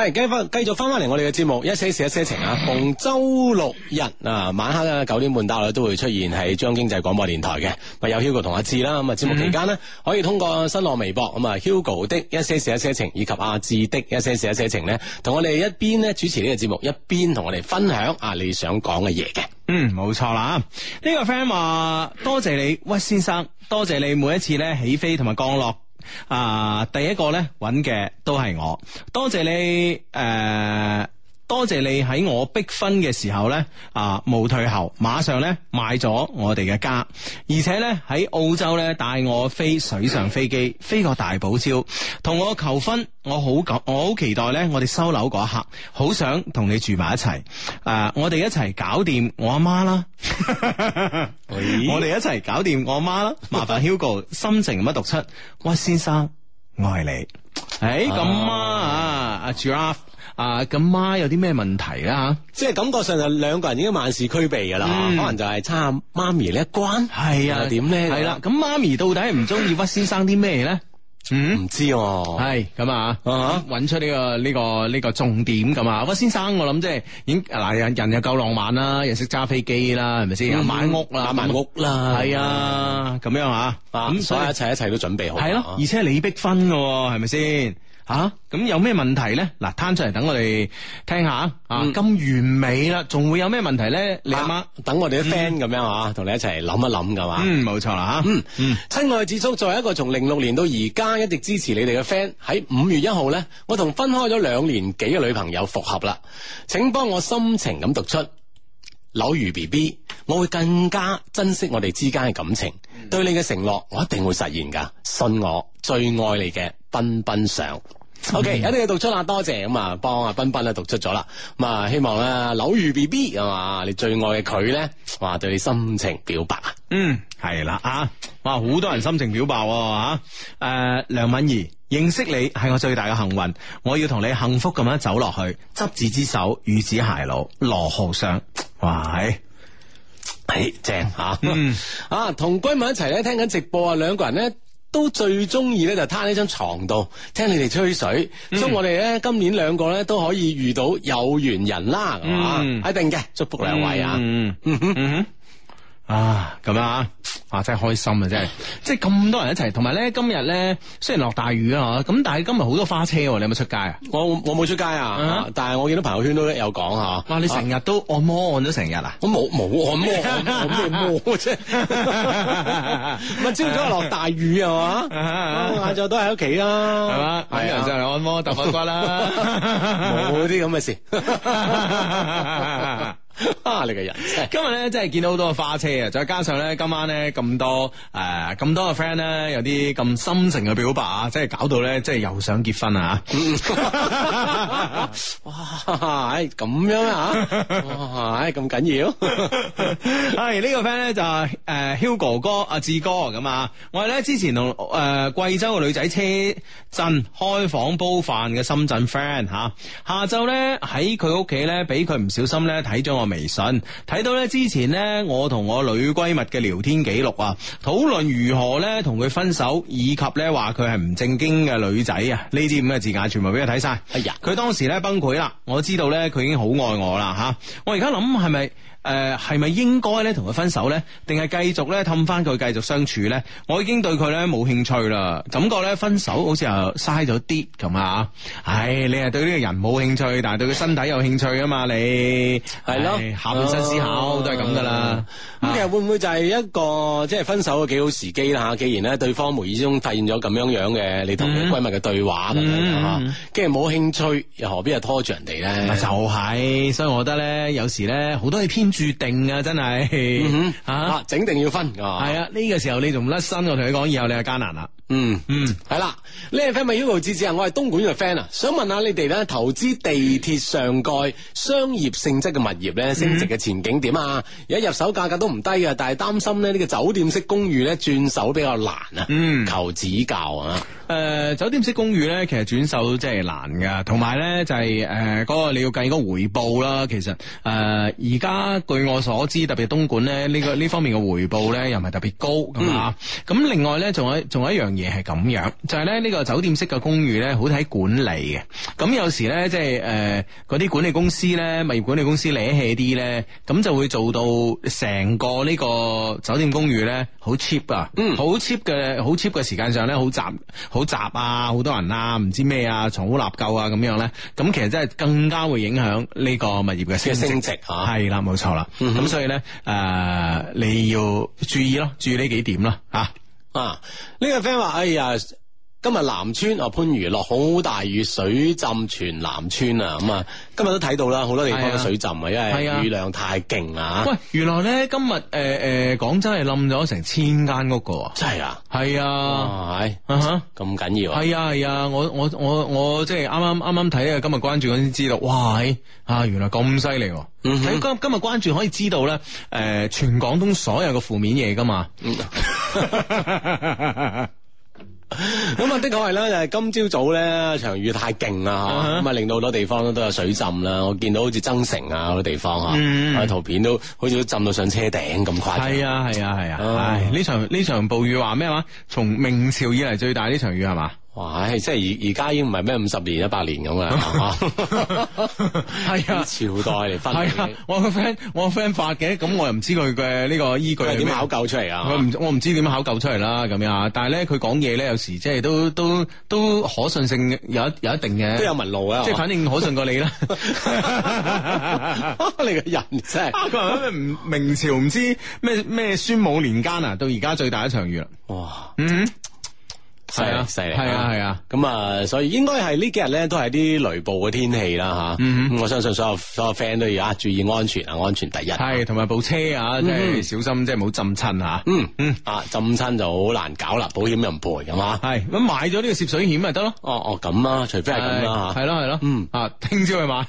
A: 係，繼翻繼續翻翻嚟我哋嘅節目《一些事一些情》啊，逢周六日啊晚黑啊九點半打後都會出現喺張經濟廣播電台嘅，咪有 Hugo 同阿志啦。咁啊，節目期間呢，可以通過新浪微博咁啊，Hugo 的一些事一些情以及阿、啊、志的一些事一些情一呢，同我哋一邊呢主持呢個節目，一邊同我哋分享啊你想講嘅嘢嘅。嗯，冇錯啦。呢、這個 friend 話多謝你屈先生，多謝你每一次咧起飛同埋降落。啊！第一個咧揾嘅都係我，多謝你誒。呃多謝你喺我逼婚嘅時候咧，啊，冇退後，馬上咧買咗我哋嘅家，而且咧喺澳洲咧帶我飛水上飛機，飛過大堡礁，同我求婚，我好感，我好期待咧，我哋收樓嗰一刻，好想同你住埋一齊，誒，我哋一齊搞掂我阿媽啦，我哋一齊搞掂我阿媽啦，麻煩 Hugo 心情咁樣讀出，溫先生愛你，誒咁啊，阿 Jeff。啊，咁媽有啲咩問題啦？即係感覺上就兩個人已經萬事俱備噶啦，可能就係差媽咪呢一關，係啊，點咧？係啦，咁媽咪到底唔中意屈先生啲咩咧？唔知，係咁啊，搵出呢個呢個呢個重點咁啊。屈先生，我諗即係已經嗱人人又夠浪漫啦，又識揸飛機啦，係咪先？買屋啦，買屋啦，係啊，咁樣啊，咁所以一切一切都準備好，係咯，而且你逼婚嘅係咪先？吓咁、啊、有咩問題呢？嗱，攤出嚟等我哋聽下啊！咁、嗯、完美啦，仲會有咩問題呢？啊、你阿媽等我哋啲 friend 咁樣啊，同你一齊諗一諗噶嘛？嗯，冇錯啦吓。嗯嗯，親、嗯、愛子叔作為一個從零六年到而家一直支持你哋嘅 friend，喺五月一號呢，我同分開咗兩年幾嘅女朋友復合啦，請幫我深情咁讀出，柳如 B B，我會更加珍惜我哋之間嘅感情，嗯、對你嘅承諾我一定會實現噶，信我，最愛你嘅。彬彬上，OK，一定要讀出啦，多謝咁啊，幫阿彬彬咧讀出咗啦，咁啊，希望咧柳如 BB 啊嘛，你最愛嘅佢咧，哇、啊，對你心情表白啊，嗯，係啦啊，哇，好多人心情表白啊，誒、啊，梁敏儀，認識你係我最大嘅幸運，我要同你幸福咁樣走落去，執子之手，與子偕老，羅浩上，哇，係、哎哎，正吓，啊，同閨蜜一齊咧聽緊直播啊，兩個人咧。都最中意咧，就攤喺張床度聽你哋吹水。嗯、所以我哋咧今年兩個咧都可以遇到有緣人啦，係嘛、嗯？一定嘅，祝福兩位啊！嗯哼嗯哼。啊，咁樣啊，哇，真係開心啊，真係，即係咁多人一齊，同埋咧，今日咧雖然落大雨啊，咁但係今日好多花車、啊，你有冇出街啊？我我冇出街啊，啊但係我見到朋友圈都有講啊。哇，你成日都按摩按咗成日啊？我冇冇按摩，冇 按，按，按摩啫。咪朝早落大雨 啊？嘛、晏晝都喺屋企啦，係嘛吧，人就嚟按摩揼翻骨啦，冇啲咁嘅事。 啊！你嘅人今日咧，真係見到好多花車啊！再加上咧，今晚咧咁多誒咁、呃、多嘅 friend 咧，有啲咁深情嘅表白啊！即係搞到咧，即係又想結婚啊！ 哇！咁、哎、樣啊？哇！咁、哎、緊要？係、 哎這個、呢個 friend 咧就係、是、誒、呃、Hugo 哥阿志哥咁啊，啊！我哋咧之前同誒貴州嘅女仔車震開房煲飯嘅深圳 friend 吓、啊，下晝咧喺佢屋企咧俾佢唔小心咧睇咗我。微信睇到咧，之前咧我同我女閨蜜嘅聊天記錄啊，討論如何咧同佢分手，以及咧話佢係唔正經嘅女仔啊，呢啲咁嘅字眼全部俾佢睇晒。哎呀，佢當時咧崩潰啦，我知道咧佢已經好愛我啦，吓，我而家諗係咪？是誒，係咪、呃、應該咧同佢分手咧？定係繼續咧氹翻佢繼續相處咧？我已經對佢咧冇興趣啦，感覺咧分手好似又嘥咗啲咁啊！唉、哎，你係對呢個人冇興趣，但係對佢身體有興趣啊嘛？你係、哎、咯，下半身思考噢 都係咁噶啦。咁其實會唔會就係一個即係分手嘅幾好時機啦？吓、啊，既然咧對方無意之中發現咗咁樣樣嘅你同你閨蜜嘅對話咁樣跟住冇興趣，又何必又拖住人哋咧？就係、是，所以我覺得咧，有時咧好多嘢偏。嗯嗯注定、嗯、哼啊，真係吓，整定要分噶。係啊，呢、呢個時候你仲唔甩身，我同你講，以後你就艱難啦。嗯嗯，係啦，呢位 friend 咪 Hugo 志志啊，我係東莞嘅 friend 啊，想問下你哋咧，投資地鐵上蓋商業性質嘅物業咧，升值嘅前景點啊？而家入手價格都唔低嘅，但係擔心咧呢個酒店式公寓咧轉手比較難啊。嗯，求指教啊。誒、呃，酒店式公寓咧，其實轉手真係難噶，同埋咧就係誒個你要計個回報啦。其實誒而家據我所知，特別東莞咧呢個呢方面嘅回報咧又唔係特別高咁、嗯、啊。咁另外咧仲有仲有一樣。嘢係咁樣，就係咧呢個酒店式嘅公寓咧，好睇管理嘅。咁有時咧，即係誒嗰啲管理公司咧，物業管理公司咧氣啲咧，咁就會做到成個呢個酒店公寓咧好 cheap 啊，嗯，好 cheap 嘅，好 cheap 嘅時間上咧好雜，好雜啊，好多人啊，唔知咩啊，藏污納垢啊咁樣咧，咁其實真係更加會影響呢個物業嘅升升值，升值啊。係啦，冇錯啦。咁、嗯、哼所以咧誒、呃，你要注意咯，注意呢幾點啦啊。啊！呢個 friend 話，哎呀！今日南村哦，番禺落好大雨，水浸全南村啊！咁啊，今日都睇到啦，好多地方嘅水浸啊，因為雨量太勁啊！喂、啊，原來咧今日誒誒，廣州係冧咗成千間屋噶，真係啊！係啊，係啊哈，咁緊要啊！係啊係啊，咁緊要啊，係啊係啊我我我我即係啱啱啱啱睇啊！啊即係，啱啱啱啱今日關注先知道，哇！吓，原來咁犀利！喺今，嗯，哼今日關注可以知道咧，誒、呃，全廣東所有嘅負面嘢噶嘛。 咁啊 的確係啦，就係今朝早咧，場雨太勁啦，咁啊令到好多地方都都有水浸啦。我見到好似增城啊好多地方吓，個、mm hmm. 圖片都好似都浸到上車頂咁誇張。係啊係啊係啊，係呢、啊啊啊、 場呢場暴雨話咩話？從明朝以嚟最大呢場雨係嘛？哇！即係而而家已經唔係咩五十年，一百年咁啊，係啊朝代嚟分嘅。我個 friend，我個 friend 發嘅，咁我又唔知佢嘅呢個依據係點考究出嚟啊？我唔，我唔知點考究出嚟啦。咁樣啊，但係咧，佢講嘢咧，有時即係都都都可信性有有一定嘅。都有文路啊！即係反正可信過你啦。你個人真係佢話咩？明朝唔知咩咩宣武年間啊，到而家最大一場雨啦。哇！嗯。係啊，犀係啊，係啊！咁啊，所以應該係呢幾日咧，都係啲雷暴嘅天氣啦，吓、嗯！嗯、我相信所有所有 friend 都要啊，注意安全啊，安全第一。係同埋部車啊，嗯、即係小心，即係唔好浸親吓。嗯嗯，啊，嗯、啊浸親就好難搞啦，保險又唔賠，㗎嘛？係咁買咗呢個涉水險咪得咯？哦哦，咁啊，除非係咁啦吓。係咯係咯，嗯啊，聽朝去買。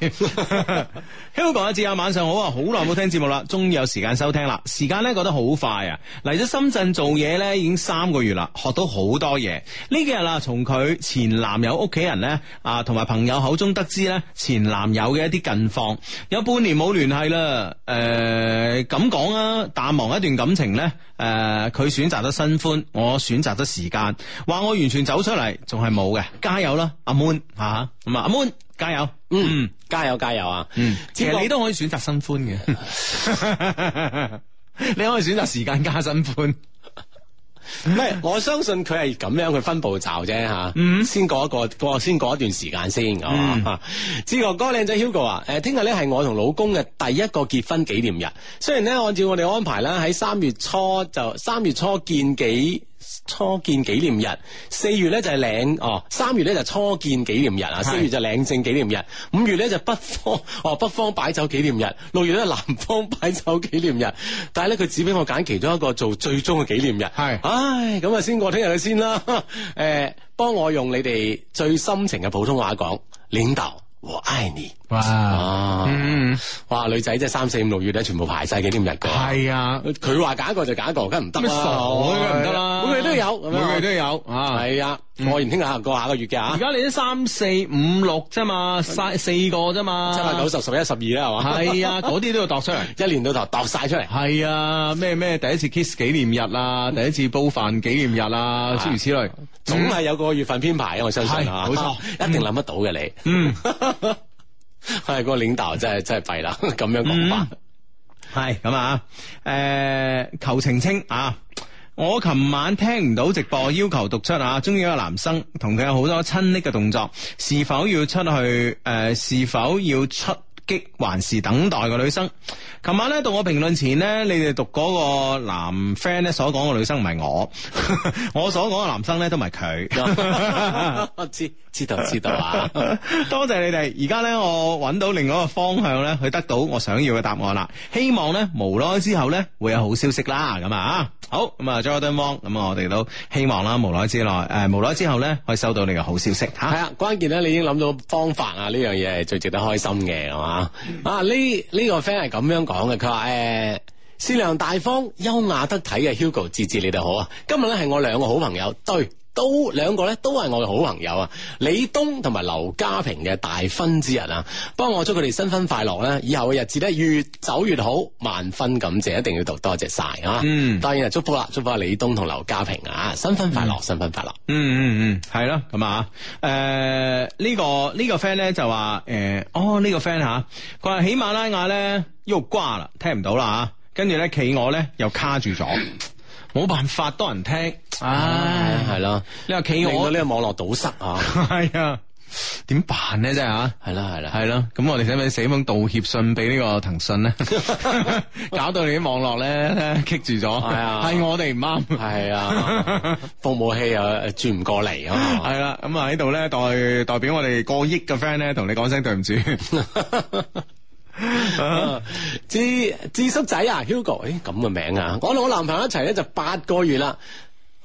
A: Hello，各位節友啊，晚上好啊！好耐冇聽節目啦，終於有時間收聽啦。時間咧覺得好快啊！嚟咗深圳做嘢咧，已經三個月啦，學到好多嘢。呢幾日啦、啊，從佢前男友屋企人咧啊，同埋朋友口中得知咧前男友嘅一啲近況，有半年冇聯繫啦。誒咁講啊，淡忘一段感情咧，誒、呃、佢選擇咗新歡，我選擇咗時間，話我完全走出嚟仲係冇嘅，加油啦，阿 moon 吓、啊、咁啊，啊，阿 moon 加油，嗯，加油加油啊，嗯，其實你都可以選擇新歡嘅， 你可以選擇時間加新歡。唔係， 我相信佢係咁樣，佢分步驟啫吓，嗯、先過一個過，過，先過一段時間先，係嘛。志哥哥靚仔 Hugo 啊，誒、嗯，聽日咧係我同老公嘅第一個結婚紀念日。雖然咧，按照我哋安排啦，喺三月初就三月初見幾。初見紀念日，四月咧就係領哦，三月咧就初見紀念日啊，四月就領證紀念日，五月咧就北方哦北方擺酒紀念日，六月咧、哦、南方擺酒紀念日，但係咧佢只俾我揀其中一個做最終嘅紀念日。係是，唉，咁啊先過聽日嘅先啦。誒，幫我用你哋最深情嘅普通話講，領導我愛你。哇，嗯，哇，女仔即係三四五六月咧，全部排晒紀念日嘅。係啊，佢話揀一個就揀一個，梗唔得啦，咩傻唔得啦。每月都有，每月都有啊。係啊，我唔聽下行過下個月嘅吓。而家你都三四五六啫嘛，晒，四個啫嘛，七、八九、十、十一、十二啦，係嘛。係啊，嗰啲都要度出嚟，一年到頭度晒出嚟。係啊，咩咩第一次 kiss 紀念日啊，第一次煲飯紀念日啊，諸如此類，總係有個月份編排嘅，我相信冇錯，一定諗得到嘅你。嗯。係 個領導真係真係弊啦，咁 樣講說法，嗯，係咁啊。誒、呃，求澄清啊！我琴晚聽唔到直播，要求讀出啊。中意一個男生同佢有好多親昵嘅動作，是否要出去？誒、呃，是否要出？激還是等待嘅女生，琴晚咧到我評論前咧，你哋讀嗰個男 friend 咧所講嘅女生唔係我， 我所講嘅男生咧都唔係佢。我 知 知道知道啊， 多謝你哋。而家咧我揾到另外一個方向咧，去得到我想要嘅答案啦。希望咧無耐之後咧會有好消息啦。咁啊啊好，咁啊張開燈光，咁我哋都希望啦，無耐之內誒無耐之後咧可以收到你嘅好消息吓。係啊，啊，關鍵咧你已經諗到方法啊，呢樣嘢係最值得開心嘅係嘛？啊！啊！呢呢個 friend 係咁樣講嘅，佢話誒，善良大方、優雅得體嘅 Hugo，節節你哋好啊！今日咧係我兩個好朋友對。都兩個咧都係我嘅好朋友啊！李東同埋劉家平嘅大婚之日啊，幫我祝佢哋新婚快樂咧，以後嘅日子咧越走越好，萬分感謝，一定要讀多謝晒啊！嗯，當然係祝福啦，祝福阿李東同劉家平啊，新婚快樂，嗯、新婚快樂，嗯嗯嗯，係、嗯、咯，咁、嗯、啊，誒、呃、呢、呢個呢、呢個 friend 咧就話誒、呃，哦呢、呢個 friend 吓、啊，佢話喜馬拉雅咧又瓜啦，聽唔到啦啊，跟住咧企鵝咧又卡住咗。 冇辦法多人聽，唉、啊，係啦、啊，呢個企我呢個網絡堵塞啊，係啊，點辦咧？真係啊，係啦係啦，係啦，咁我哋使唔使寫封道歉信俾呢個騰訊咧？ 搞到你啲網絡咧，棘住咗，係啊的，係 我哋唔啱，係啊的， 服務器又轉唔過嚟啊，係 啦，咁、嗯、啊，喺度咧代代表我哋過億嘅 friend 咧，同你講聲對唔住。 啊、智志叔仔啊，Hugo，誒、欸，咁嘅名啊，我同我男朋友一齊咧，就八個月啦。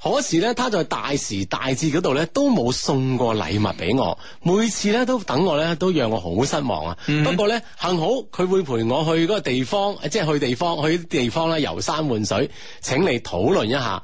A: 可是咧，他在大時大節嗰度咧都冇送過禮物俾我，每次咧都等我咧都讓我好失望啊。嗯、哼不過咧，幸好佢會陪我去嗰個地方，即係去地方去啲地方咧遊山玩水，請你討論一下，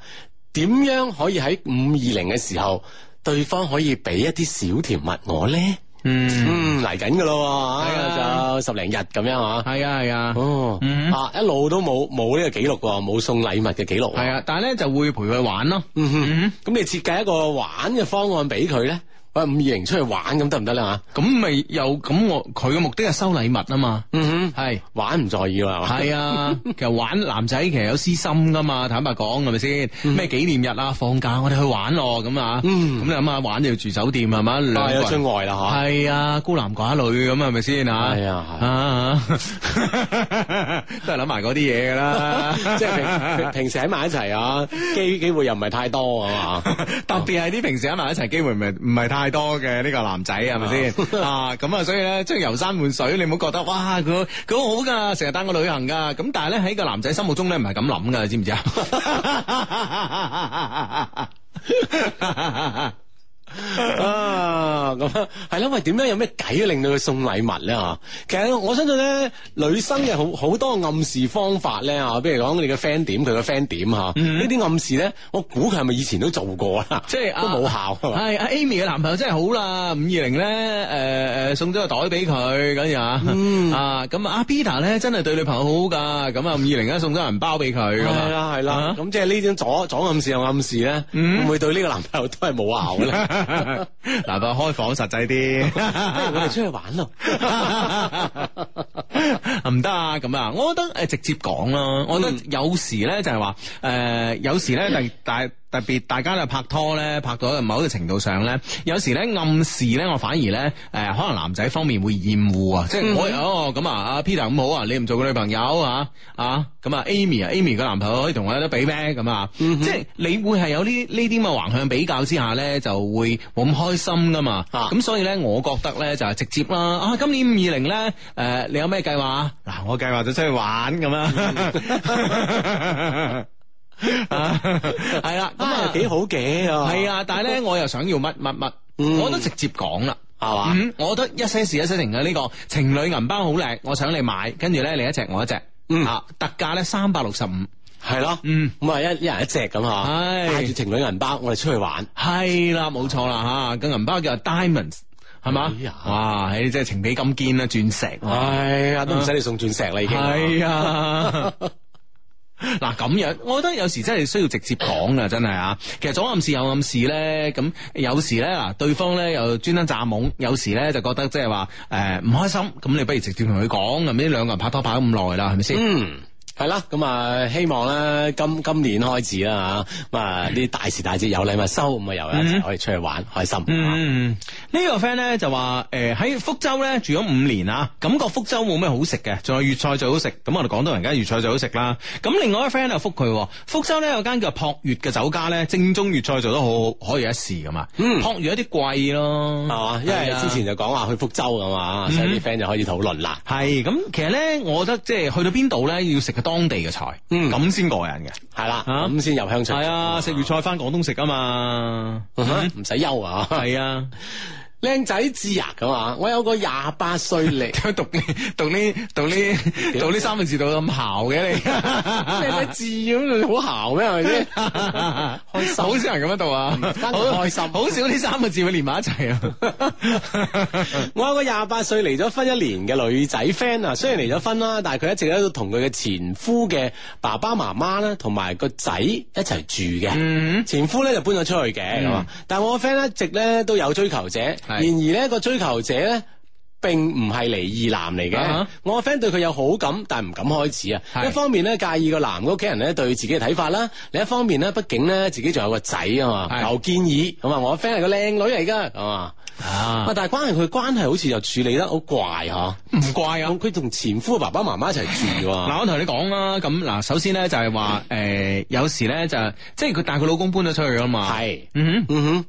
A: 點樣可以喺五二零嘅時候，對方可以俾一啲小甜蜜我咧？嗯，嚟緊噶咯，係啊，就十零日咁樣啊，係啊係啊，哦，啊、嗯、哼一路都冇冇呢個記錄喎，冇送禮物嘅記錄，係啊，但係咧就會陪佢玩咯，嗯哼，咁你設計一個玩嘅方案俾佢咧。五二零出去玩咁得唔得啦？咁咪又咁我佢嘅目的係收禮物啊嘛。嗯哼，係玩唔在
B: 意啦，係嘛？係啊，
A: 其實玩男仔其實有私心噶嘛。坦白講係咪先？咩紀念日啊，放假我哋去玩咯，咁啊。嗯，咁你諗下玩要住酒店係嘛？兩個人出外啦，吓。係啊，孤男寡女咁係咪先啊？係啊，啊，都係諗埋嗰啲嘢噶啦。即係平平時喺埋一齊啊，機機會又唔係太多啊嘛。特別係啲平時喺埋一齊機會唔係唔係太。太多嘅呢、這個男仔係咪先啊？咁 啊，所以咧即係遊山玩水，你唔好覺得哇，佢佢好好噶，成日帶我旅行噶。咁但係咧喺個男仔心目中咧唔係咁諗噶，你知唔知啊？咁樣係咯，喂，點樣有咩計令到佢送禮物咧？嗬，其實我相信咧，女生嘅好好多暗示方法咧，嗬，比如講你嘅 friend 點，佢嘅 friend 點，嗬、嗯，呢啲暗示咧，我估佢係咪以前都做過啦，即係、啊、都冇效。係，Amy 嘅男朋友真係好啦，五二零咧，誒、呃、誒、呃，送咗個袋俾佢咁樣，啊，咁啊，Peter 咧真係對女朋友好噶，咁吧啊，五二零咧送咗個銀包俾佢，係啦係啦，咁即係呢種左左暗示又暗示咧，嗯、唔會對呢個男朋友都係冇效嘅。嗱，但係開講實際啲，不如我哋出去玩咯，唔得啊！咁啊，我覺得誒、呃、直接講咯，我覺得有時咧就係話，誒、呃、有時咧但但。 特別大家咧拍拖咧拍到某一個程度上咧，有時咧暗示咧，我反而咧誒、呃，可能男仔方面會厭惡、嗯哼哦、啊！即係我哦咁啊，阿 Peter 咁好啊，你唔做個女朋友啊啊！咁啊，Amy 啊，Amy 個男朋友可以同我有得比咩？咁啊，即係你會係有呢呢啲咁嘅橫向比較之下咧，就會冇咁開心噶嘛。咁、啊、所以咧，我覺得咧就係、是、直接啦。啊，今年五二零咧，誒、啊，你有咩計劃啊？嗱，我計劃咗出去玩咁啦。係啦，咁啊幾好嘅，係啊！但係咧，我又想要乜乜乜，我都直接講啦，係嘛？我覺得一些事一些情嘅呢個情侶銀包好靚，我想你買，跟住咧你一隻我一隻，嗯啊，特價咧三百六十五，係咯，嗯，咁啊一一人一隻咁啊，係帶住情侶銀包，我哋出去玩，係啦，冇錯啦吓，個銀包叫 Diamonds 係嘛，哇，唉，真係情比金堅啊，鑽石，係啊，都唔使你送鑽石啦，已經係啊。嗱，咁樣，我覺得有時真係需要直接講噶，真係啊！其實左暗示右暗示咧，咁有時咧，嗱對方咧又專登詐懵，有時咧就覺得即係話誒唔開心，咁你不如直接同佢講，咁呢兩個人拍拖拍咗咁耐啦，係咪先？嗯。係啦，咁啊，希望咧今今年開始啦，吓咁啊啲大時大節有禮物收，咁啊又一齊可以出去玩開心。呢個 friend 咧就話誒喺福州咧住咗五年啊，感覺福州冇咩好食嘅，仲有粵菜最好食。咁我哋廣東人梗係粵菜最好食啦。咁另外一個 friend 就覆佢，福州咧有間叫璞月嘅酒家咧，正宗粵菜做得好好，可以一試噶嘛。璞月一啲貴咯，係嘛，因為之前就講話去福州噶嘛，所以啲 friend 就可以討論啦。係，咁其實咧，我覺得即係去到邊度咧要食當地嘅菜，嗯，咁先過癮嘅，係啦了，咁先有香菜，係啊，食粵、啊、哇菜翻廣東食啊嘛，唔使憂啊，係啊。靚仔字啊，咁啊！我有個廿八歲嚟，讀讀呢讀呢 讀呢三個字讀咁姣嘅你，靚仔字咁好姣咩？係咪先？開心，好少人咁樣讀啊！好 開心，好 少呢三個字會連埋一齊啊！ 我有個廿八歲離咗婚一年嘅女仔 friend 啊，雖然離咗婚啦，但係佢一直喺度同佢嘅前夫嘅爸爸媽媽啦，同埋個仔一齊住嘅。前夫咧就搬咗出去嘅，咁啊、嗯！但係我個 friend 一直咧都有追求者。是然而呢個追求者咧，並唔係離異男嚟嘅。Uh huh. 我 friend 對佢有好感，但係唔敢開始啊。Uh huh. 一方面咧介意個男屋企人咧對自己嘅睇法啦，uh huh. 另一方面咧，畢竟咧自己仲有個仔啊嘛。求建議咁啊，我 friend 係個靚女嚟噶，係嘛啊，huh. uh huh. 但係關係佢關係好似又處理得好怪吓，唔、uh huh. 怪啊，佢同前夫爸爸媽媽一齊住。嗱， 我同你講啦，咁嗱，首先咧就係話誒，有時咧就即係佢帶佢老公搬咗出去啦嘛。係、uh，嗯、huh. 哼、uh，嗯哼。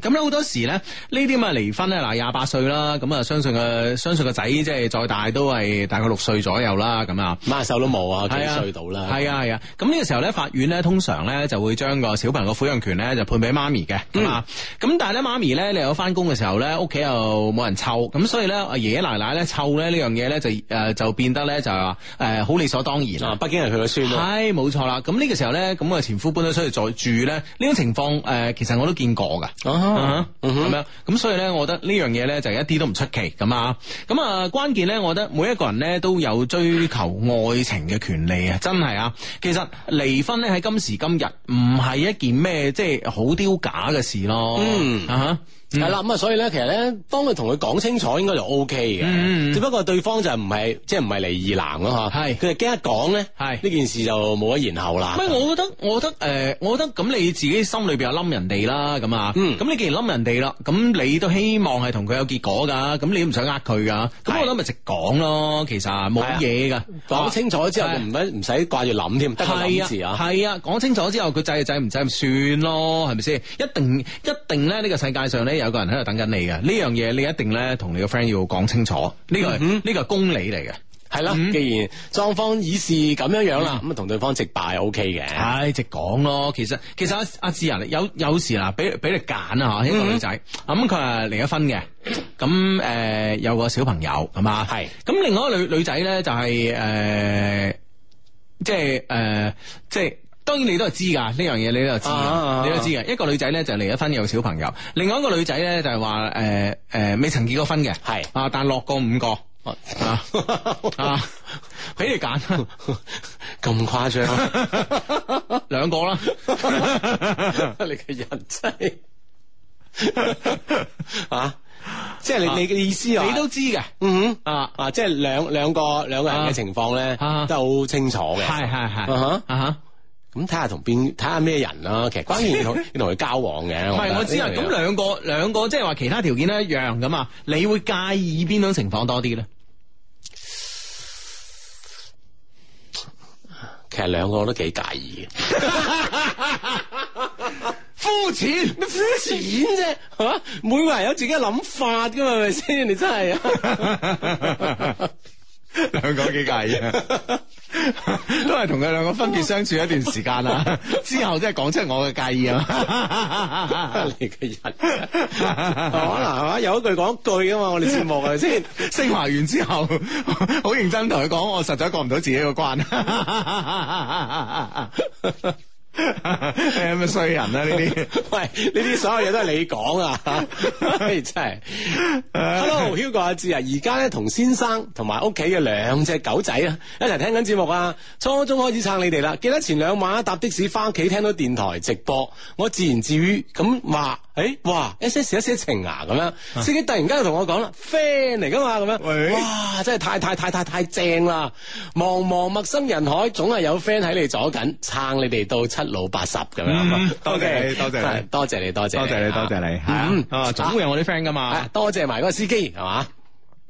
A: 咁咧好多時咧呢啲咁嘅離婚咧嗱，廿八歲啦，咁啊相信個相信個仔即係再大都係大概六歲左右啦，咁啊，媽受老磨啊幾歲到啦？係啊係啊，咁呢、啊、個時候咧法院咧通常咧就會將個小朋友個撫養權咧就判俾媽咪嘅，咁啊、嗯，咁但係咧媽咪咧你有翻工嘅時候咧屋企又冇人湊，咁所以咧爺爺奶奶咧湊咧呢樣嘢咧就誒就變得咧就係話誒好理所當然啦，畢竟係佢嘅孫。係冇錯啦，咁呢個時候咧咁啊前夫搬咗出去再住咧呢種情況誒其實我都見過噶。啊啊，咁樣咁，嗯哼，咁所以咧，我覺得呢樣嘢咧就一啲都唔出奇咁啊。咁啊，關鍵咧，我覺得每一個人咧都有追求愛情嘅權利啊，真係啊。其實離婚咧喺今時今日唔係一件咩即係好丟假嘅事咯，嗯啊。嗯啊係啦，咁啊，所以咧，其實咧，當佢同佢講清楚，應該就 O K 嘅。只不過對方就唔係，即係唔係離異男咯，吓。係，佢哋驚一講咧，係呢件事就冇得延後啦。喂，我覺得，我覺得，誒，我覺得咁你自己心裏邊有冧人哋啦，咁啊，咁你既然冧人哋啦，咁你都希望係同佢有結果噶，咁你唔想呃佢噶，咁我諗咪直講咯，其實冇嘢噶，講清楚之後佢唔使唔使掛住諗添，得個字啊，係啊，講清楚之後佢制就制，唔制咪算咯，係咪先？一定一定咧，呢個世界上咧。有個人喺度等緊你嘅呢樣嘢，你一定咧同你個 friend 要講清楚。呢、這個呢、嗯、哼個公理嚟嘅，係啦的。嗯、既然狀況已是咁樣樣啦，咁啊同對方直拜 OK 嘅，唉，直講咯。其實、嗯、其實阿阿志啊有有時嗱，俾俾你揀啊吓，一個女仔咁佢係離咗婚嘅，咁誒、呃、有個小朋友係嘛，係咁是另外一個女女仔咧就係、是、誒、呃，即係誒、呃、即。即即當然你都係知噶，呢樣嘢你都係知，你都知嘅。一個女仔咧就離咗婚有小朋友，另外一個女仔咧就係話誒誒未曾結過婚嘅，係啊但落過五個啊啊俾你揀，咁誇張，兩個啦，你嘅人真係啊，即係你你嘅意思啊，你都知嘅，嗯啊啊，即係兩兩個兩個人嘅情況咧都好清楚嘅、yeah.，係係係，咁睇下同邊睇下咩人啦，啊，其實關鍵要同佢交往嘅。唔係 我只啊，咁兩個兩個即係話其他條件咧一樣咁啊，你會介意邊種情況多啲咧？ 其實兩個我都幾介意嘅 淺，膚淺咩膚淺啫，係嘛， 啊？每個人有自己嘅諗法噶嘛，係咪先？你真係。兩個幾介意啊， 都係同佢兩個分別相處一段時間啦， 之後即係講出我嘅介意啊， 你嘅人， 好嘛，係嘛，有一句講一句㗎嘛，我哋羨慕係咪先看看。 升華完之後，好 認真同佢講，我實在過唔到自己嘅關。 咩 衰人啊！呢啲 喂，呢啲所有嘢都係你講啊！ 真係，Hello Hugo 阿志啊，而家咧同先生同埋屋企嘅兩隻狗仔啊，一齊聽緊節目啊，初中開始撐你哋啦，記得前兩晚、啊、搭的士翻屋企聽到電台直播，我自言自語咁話。誒，欸、哇！一些事一些情啊，咁樣司機、啊、突然間就同我講啦，friend 嚟噶嘛，咁樣、啊啊，哇，真係太太太太太正啦！茫茫陌生人海，總係有 friend 喺你左近，撐你哋到七老八十咁、嗯、樣。多謝，多謝，多謝你，Okay. 多謝，對多謝你，多謝你吓，總會有我啲 friend 噶嘛、啊，多謝埋嗰個司機係嘛。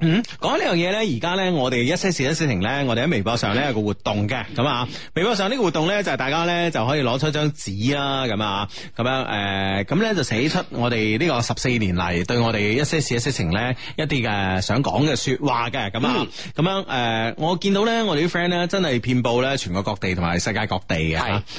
A: 嗯，講呢樣嘢咧，而家咧我哋一些事一些情咧，我哋喺微博上咧有個活動嘅，咁啊，微博上呢個活動咧就係大家咧就可以攞出張紙啦，咁啊，咁樣誒，咁咧就寫出我哋呢個十四年嚟對我哋一,一,一些事一些情咧一啲嘅想講嘅說話嘅，咁啊，咁、嗯、樣誒、啊，我見到咧我哋啲 friend 咧真係遍布咧全國各地同埋世界各地嘅，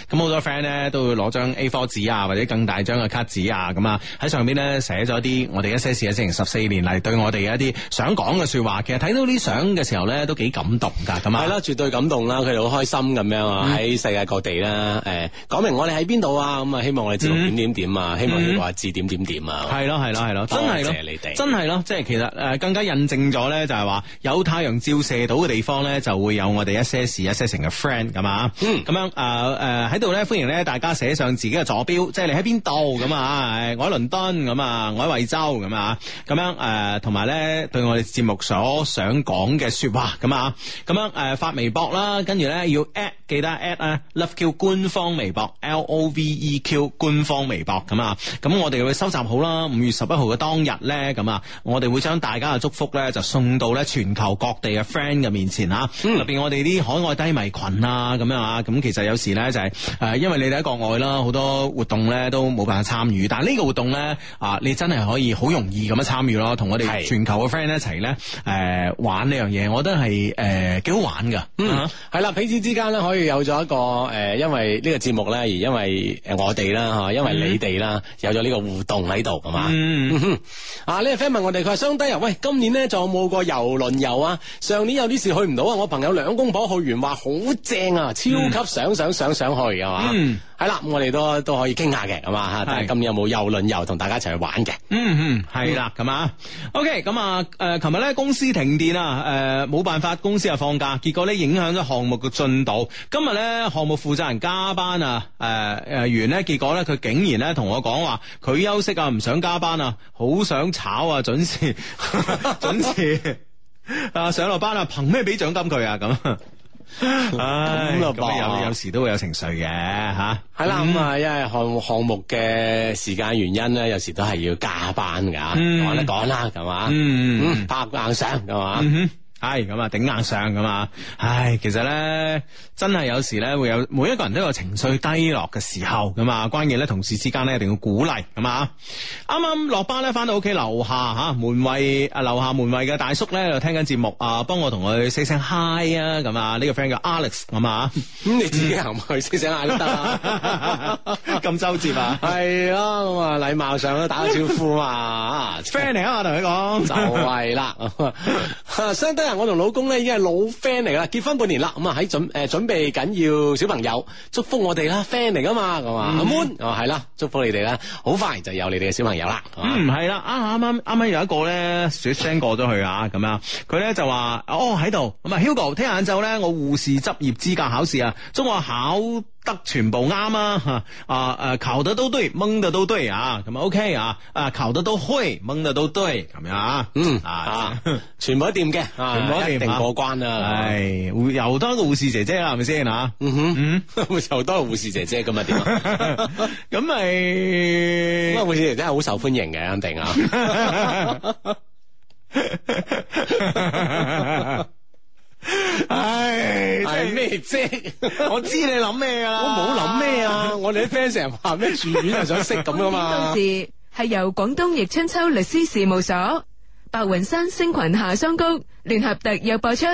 A: 咁好是、啊、多 friend 咧都會攞張 A4 紙啊或者更大張嘅卡紙啊，咁啊喺上邊咧寫咗啲我哋一些事一些情十四年嚟對我哋一啲想講。講嘅說話，其實睇到啲相嘅時候咧，都幾感動噶，咁啊係啦，絕對感動啦，佢哋好開心咁樣啊，喺、嗯、世界各地啦，誒、欸，講明我哋喺邊度啊，咁啊，希望我哋節目點點點啊，希望你話字點點點啊，係咯係咯係咯，真係多謝你哋，真係咯，即係其實誒，更加印證咗咧，就係話有太陽照射到嘅地方咧，就會有我哋一些事一些情嘅 friend 咁啊，咁樣啊誒喺度咧，嗯呃、歡迎咧大家寫上自己嘅坐標，即係你喺邊度咁啊，我喺倫敦咁啊，我喺惠州咁啊，咁樣誒，同埋咧對我哋。節目所想講嘅說話咁啊，咁樣誒、呃、發微博啦，跟住咧要 add，記得 add 啊 LoveQ 官方微博 L O V E Q 官方微博咁啊，咁、e、我哋會收集好啦。五月十一號嘅當日咧，咁啊，我哋會將大家嘅祝福咧就送到咧全球各地嘅 friend 嘅面前啊。特別我哋啲海外低迷群啊，咁樣啊，咁其實有時咧就係、是、誒，因為你哋喺國外啦，好多活動咧都冇辦法參與，但呢個活動咧啊，你真係可以好容易咁樣參與咯，同我哋全球嘅 friend 一齊咧。誒、呃，玩呢樣嘢，我覺得係誒幾好玩噶。嗯，係啦、啊，彼此之間咧可以有咗一個誒、呃，因為呢個節目咧而因為我哋啦吓，因為你哋啦、嗯、有咗呢個互動喺度係嘛。嗯哼，啊呢個 friend 問我哋，佢話雙低啊，喂，今年咧仲有冇個遊輪遊啊？上年有啲事去唔到啊，我朋友兩公婆去完話好正啊，超級想想想想想去係嘛。啊嗯係啦，我哋都都可以傾下嘅，咁啊吓。但係今日有冇郵輪遊同大家一齊去玩嘅、嗯？嗯嗯，係啦，咁、OK, 啊。O K，咁啊，誒，琴日咧公司停電啊，誒、呃，冇辦法，公司又放假，結果咧影響咗項目嘅進度。今日咧項目負責人加班啊，誒誒完咧，結果咧佢竟然咧同我講話，佢休息啊，唔想加班啊，好想炒啊，準時準時 啊，上落班啊，憑咩俾獎金佢啊？咁。啊，咁啊唉，有有時都會有情緒嘅吓，係啦、嗯，咁啊、嗯，嗯、因為項項目嘅時間原因咧，有時都係要加班噶，講啦講啦，咁嘛，拍硬相咁嘛。嗯係咁啊，頂硬上咁啊！唉，其實咧，真係有時咧會有每一個人都有情緒低落嘅時候咁啊。關鍵咧，同事之間咧一定要鼓勵咁啊！啱啱落班咧，翻到屋企樓下吓，門衛啊，樓下門衛嘅大叔咧就聽緊節目啊，幫我同佢 say 聲 hi 啊！咁啊，呢個 friend 叫 Alex 啊嘛，咁你自己行去 say 聲 hi 都得，咁周折啊？係啊，咁啊，禮貌上都打個招呼啊嘛，friend 啊，我同佢講，就係啦，相我同老公咧已經係老 friend 嚟啦，結婚半年啦，咁啊喺準誒準備緊要小朋友，祝福我哋啦，friend 嚟噶嘛，咁、嗯、啊，阿 Moon，哦係啦，祝福你哋啦，好快就有你哋嘅小朋友啦，嗯係啦，啱啱啱啱有一個咧說聲過咗去啊，咁、哦、啊佢咧就話哦喺度，咁啊 Hugo 聽日晏晝咧我護士執業資格考試啊，中我考。全部啱啊！啊啊，求得都對，蒙得都對啊！咁啊 OK 啊！啊，求得都對，蒙得都對，咁樣啊！嗯啊全部都掂嘅，全部一定過關啦！唉，又多個護士姐姐啦，係咪先吓，嗯哼嗯，又多個護士姐姐咁啊點？咁咪護士姐姐好受歡迎嘅，肯定啊！
B: 唉，係咩啫？ 我知你諗咩啊！我冇諗咩啊！ 我哋啲
A: friend 成日話咩住院啊， 想識咁啊嘛。當時
B: 係由廣東易春秋律師事務所白雲山星群夏桑菊聯合特約播出。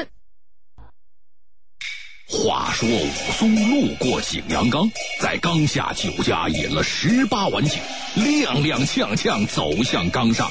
A: 話說武松路過景陽岡，在岡下酒家飲了十八碗酒，踉踉蹌蹌走向岡上。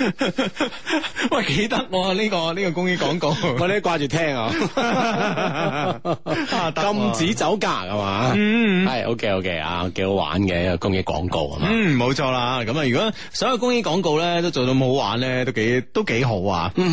B: 喂，幾得喎呢個呢、這個公益廣
A: 告，我咧掛住聽啊！禁止酒駕係嘛，係、mm hmm. OK OK 啊，幾好玩嘅一個公益廣告啊嘛，嗯，冇錯啦。咁啊，如果所有公益廣告咧都做到冇好玩咧、mm hmm.，都幾都幾好啊。係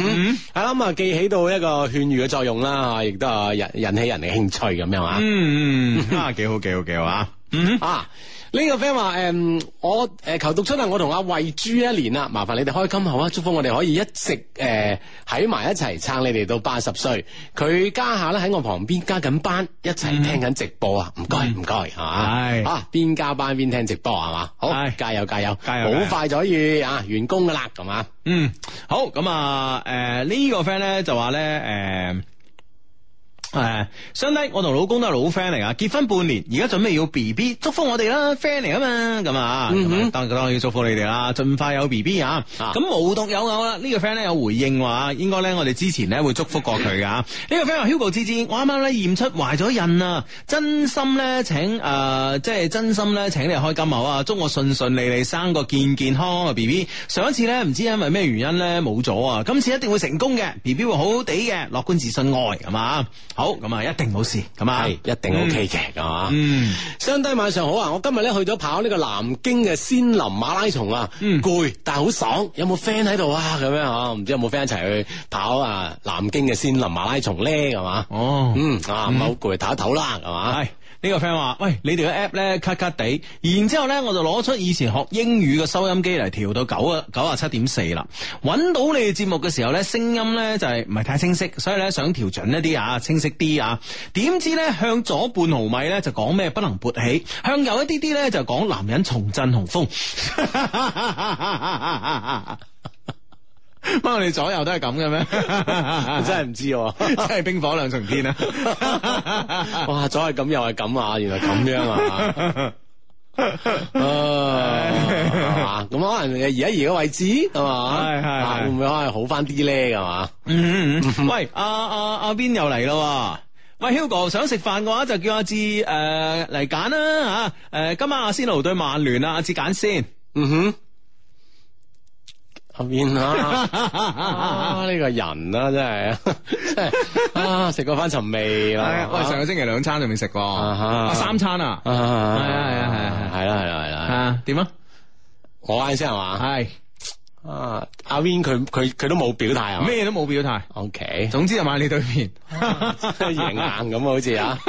A: 啦、mm，咁啊，既起到一個勸喻嘅作用啦，亦都啊引引起人嘅興趣咁樣啊。嗯，嗯嗯啊，幾好幾好幾好啊！嗯、mm hmm. 啊！呢、呢個 friend 話誒，我誒求讀出嚟，我同阿慧豬一年啦，麻煩你哋開金口啊！祝福我哋可以一直誒喺埋一齊撐、呃、你哋到八十歲。佢家下咧喺我旁邊加緊班，一齊聽緊直播啊！唔該唔該吓，係啊邊加班邊聽直播係嘛？好加油加油加油，好油快就可以啊完工噶啦咁啊！嗯、mm hmm. 好咁啊誒呢個 friend 咧就話咧誒。呃呃呃係、哎，相睇，我同老公都係老 friend 嚟啊！結婚半年，而家準備要 B B，祝福我哋啦，friend 嚟啊嘛，咁啊、嗯哼，當然當然祝福你哋啦，盡快有 B B 啊！咁無獨有偶啦，呢、這個 friend 咧有回應話，應該咧我哋之前咧會祝福過佢噶。呢 個 friend 話 Hugo 之之，我啱啱咧驗出懷咗孕啊！真心咧，請誒、呃，即係真心咧，請你開金口啊！祝我順順利利生個健健康康嘅 B B。上一次咧唔知因為咩原因咧冇咗啊，今次一定會成功嘅，B B 會好好地嘅，樂觀自信愛，係嘛？好，咁啊一定冇事，咁啊係一定 OK 嘅，係嘛？嗯，兄弟晚上好啊！我今日咧去咗跑呢個南京嘅仙林馬拉松啊，嗯，攰但係好爽，有冇 friend 喺度啊？咁樣啊，唔知有冇 friend 一齊去跑啊？南京嘅仙林馬拉松咧，係嘛？哦，嗯啊，唔係好攰，嗯、唞一唞啦，係嘛？係。呢個 friend 話：喂，你哋嘅 app 咧卡卡地，然之後咧，我就攞出以前學英語嘅收音機嚟，調到九啊九啊七點四啦，揾到你哋節目嘅時候咧，聲音咧就係唔係太清晰，所以咧想調準一啲啊，清晰啲啊，點知咧向左半毫米咧就講咩不能勃起，向右一啲啲咧就講男人重振雄風。 乜你左右都係咁嘅咩？真係唔知，真係冰火兩重天啊！ 哇，左係咁，又係咁啊！原來咁樣啊？咁可能而家移個位置係嘛？係係會唔會可能好翻啲咧？噶嘛、 啊啊啊啊？喂，阿阿阿邊又嚟咯？喂，Hugo 哥，想食飯嘅話就叫阿志誒嚟揀啦吓。誒、呃啊呃，今晚阿仙奴對曼聯啊，阿志揀先。嗯哼。食麵啊，呢個人啊，真係啊，食過翻尋味啊！我上個星期兩餐都未食過，三餐啊，係啊係啊係啊係啦係啦係啦，點啊？我啱先係嘛？係。啊，阿 Win 佢佢佢都冇表態啊，咩都冇表態。O K，總之就買你對面，贏硬咁啊，好似啊，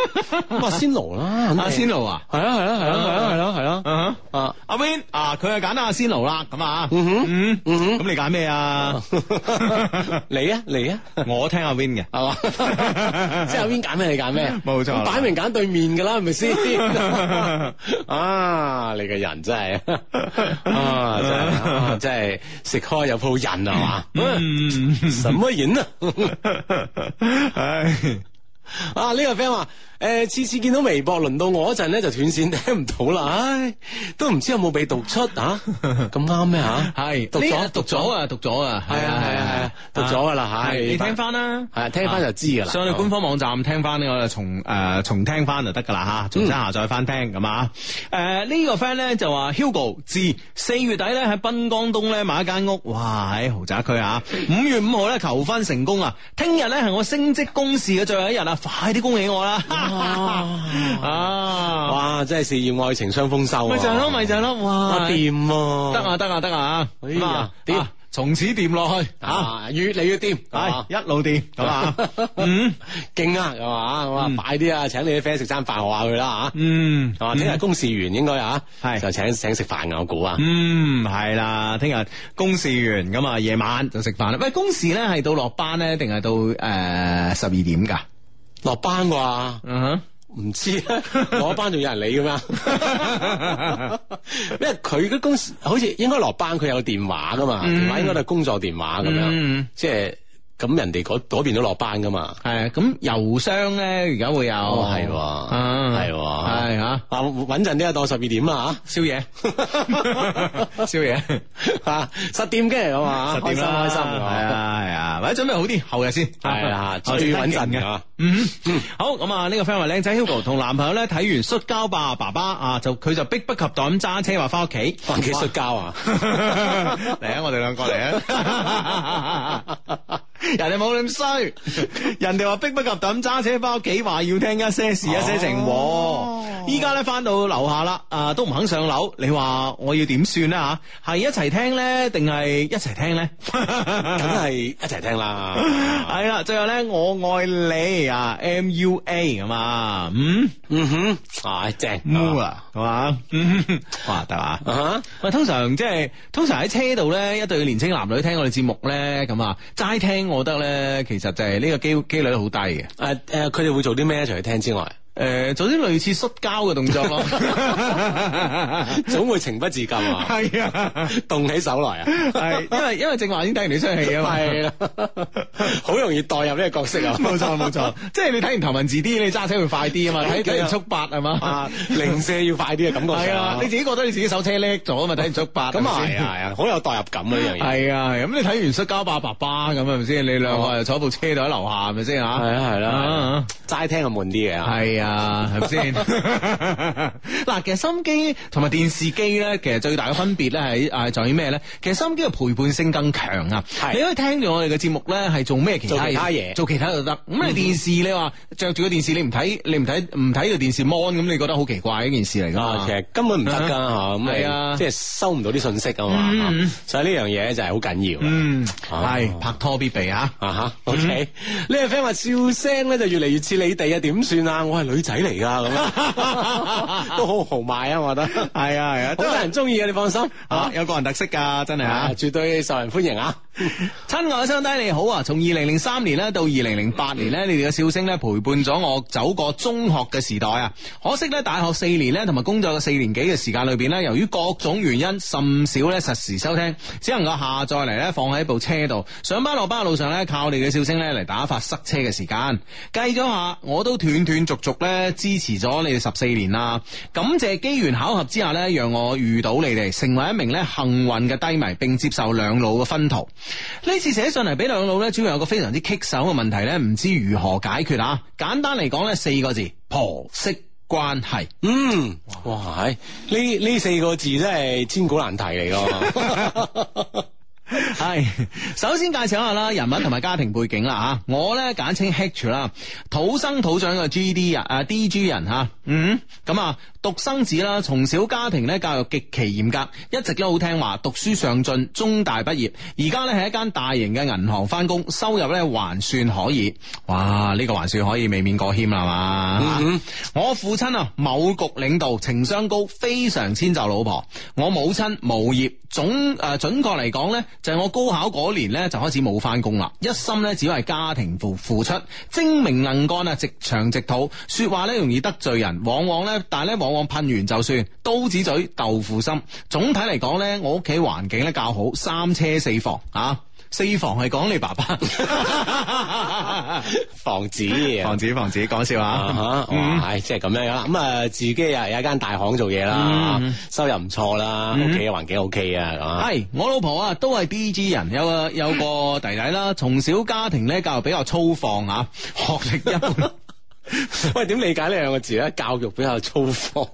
A: 阿仙奴啦，阿仙奴啊，係啊，係啊，係啊，係啊，係啦係啊啊阿 Win 啊，佢係揀阿仙奴啦，咁啊，嗯哼咁你揀咩啊？嚟啊嚟啊，我聽阿 Win 嘅，係嘛，即係阿 Win 揀咩，你揀咩？冇錯，擺明揀對面噶啦，係咪先？啊，你個人真係啊，真係真係。食開有鋪癮係嘛？嗯，啊、嗯什麼癮啊？唉，啊呢個 friend 話。誒，次次見到微博輪到我嗰陣咧，就斷線聽唔到啦，唉，都唔知有冇被讀出啊？
B: 咁啱咩
A: 吓？係讀咗，讀咗啊，讀咗啊，係啊，係啊，係，讀咗噶啦吓，你聽翻啦，係聽翻就知噶啦。上去官方網站聽翻呢，我就重誒重聽翻就得噶啦吓，重新下載翻聽咁啊。誒，呢個 friend 咧就話 Hugo 自四月底咧喺濱江東咧買一間屋，哇，喺豪宅區啊，五月五號咧求婚成功啊，聽日咧係我升職公示嘅最後一日啊，快啲恭喜我啦！啊哇！真係事業愛情雙豐收咪就咯，咪就咯！哇，掂啊！得啊，得啊，得啊！啊，從此掂落去啊，越嚟越掂，係一路掂咁啊！嗯，勁啊！咁啊，快啲啊，請你啲 friend 食餐飯我話佢啦啊！嗯，係聽日公事完應該啊，係就請請食飯我估啊，嗯，係啦，聽日公事完咁啊，夜晚就食飯啦。喂，公事咧係到落班咧，定係到誒十二點噶？落班啩？唔、uh huh. 知，落班仲有人理噶咩？ 因為佢嘅公司好似應該落班，佢有電話噶嘛，mm hmm. 電話應該係工作電話咁樣，mm hmm. 即係。咁人哋嗰嗰邊都落班噶嘛？係咁郵箱咧，而家會有係，係係吓，嗱穩陣啲啊，到十二點啦，宵夜，宵夜吓，十點嘅咁啊，十點啦，開心開心，係啊係啊，或者做咩好啲準備好啲？後日先係啊，最穩陣嘅。嗯好咁啊，呢個 friend 靚仔 Hugo 同男朋友咧睇完摔跤吧爸爸啊，就佢就迫不及待咁揸車話翻屋企，翻屋企摔跤啊？嚟啊，我哋兩個嚟啊！人哋冇你咁衰，人哋話迫不及等揸車翻屋企，話要聽一些事、啊、一些情。依家咧翻到樓下啦，啊都唔肯上樓，你話我要點算咧吓？係一齊聽咧，定係一齊聽咧？梗係
B: 一齊聽啦。
A: 係啦， 最後咧，我愛你啊，M U A 咁、嗯、啊，嗯嗯哼，啊正，M U A 咁啊，嗯哼，哇，得嘛，啊，喂、 即係，通常即係通常喺車度咧，一對年輕男女我節聽我哋節目咧，咁啊齋聽。我覺得咧，其實，就係呢個機機率好低嘅。誒誒，佢哋會做啲咩除咗聽之外？誒，做啲類似摔跤嘅動作咯，總會情不自禁啊，係啊，動起手來啊，係，因為因為正話已經睇完啲出戲啊嘛，係啦，好容易代入呢個角色啊，冇錯冇錯，即係你睇完頭文字 D，你揸車會快啲啊嘛，睇睇完速八啊嘛，零舍要快啲嘅感覺，係啊，你自己覺得你自己手車叻咗啊嘛，睇完速八咁啊，係啊，好有代入感嘅呢樣嘢，係啊，咁你睇完摔跤吧爸爸咁啊，咪先，你兩個坐部車度喺樓下，咪先啊？係啊係啦，齋聽係悶啲嘅，係啊。啊，係咪先？嗱，其實收音機同埋電視機咧，其實最大嘅分別咧係啊，在於咩咧？其實收音機嘅陪伴性更強啊，你可以聽住我哋嘅節目咧，係做咩其他嘢？做其他就得。咁你電視，你話着住個電視，你唔睇，你唔睇，唔睇個電視 mon 咁你覺得好奇怪嘅一件事嚟噶？其實根本唔得噶，咁係啊，即係收唔到啲信息噶嘛。所以呢樣嘢就係好緊要。嗯，係拍拖必備啊，啊哈，OK。呢個 friend 話笑聲咧就越嚟越似你哋啊，點算啊？我係女。女仔嚟噶咁啊，都好豪邁啊！我覺得係啊係啊，的好多人中意啊！你放心嚇，啊、有個人特色㗎，真係嚇、啊，絕對受人歡迎啊！親 愛嘅兄弟你好啊，從二零零三年咧到二零零八年咧，你哋嘅笑聲咧陪伴咗我走過中學嘅時代啊！可惜咧，大學四年咧同埋工作嘅四年幾嘅時間裏邊咧，由於各種原因，甚少咧實時收聽，只能夠下載嚟咧放喺部車度，上班落班嘅路上咧靠你嘅笑聲咧嚟打發塞車嘅時間，計咗下，我都斷斷續續咧。支持咗你哋十四年啦，感謝機緣巧合之下呢讓我遇到你哋，成為一名呢幸運嘅低迷，並接受兩老嘅熏陶。呢次寫上嚟俾兩老呢主要有個非常之棘手嘅問題呢，唔知如何解決啊！簡單嚟講呢四個字，婆媳關係。嗯，哇，呢呢四個字真係千古難題嚟噶。 係， 首先介紹下啦，人物同埋家庭背景啦吓。我呢簡稱 H 啦，土生土長嘅 G D 人，D G 人吓。嗯，咁、嗯、啊，獨生子啦，從小家庭呢教育極其嚴格，一直都好聽話，讀書上進，中大畢業，而家呢係一間大型嘅銀行翻工，收入呢還算可以。哇，呢、這個還算可以，未免過謙啦嘛。嗯嗯、我父親啊，某局領導，情商高，非常遷就老婆。我母親無業，總誒、呃、準確嚟講呢。就係我高考嗰年呢，就開始冇翻工啦，一心呢，只為家庭付付出，精明能幹啊，直腸直肚，說話呢容易得罪人，往往呢，但係呢，往往噴完就算，刀子嘴豆腐心。總體嚟講呢，我屋企環境呢較好，三車四房啊。四房係講你爸爸 止，房子， 房子，房子，講笑啊！吓、啊，係、嗯、即係咁樣啦。咁啊，自己又有一間大行做嘢啦，嗯、收入唔錯啦，屋企環境 O K 啊。係、哎，我老婆啊，都係 B G 人，有個有個弟弟啦。從小家庭咧，教育比較粗放啊，學歷一般。喂，點理解呢兩個字咧？教育比較粗放。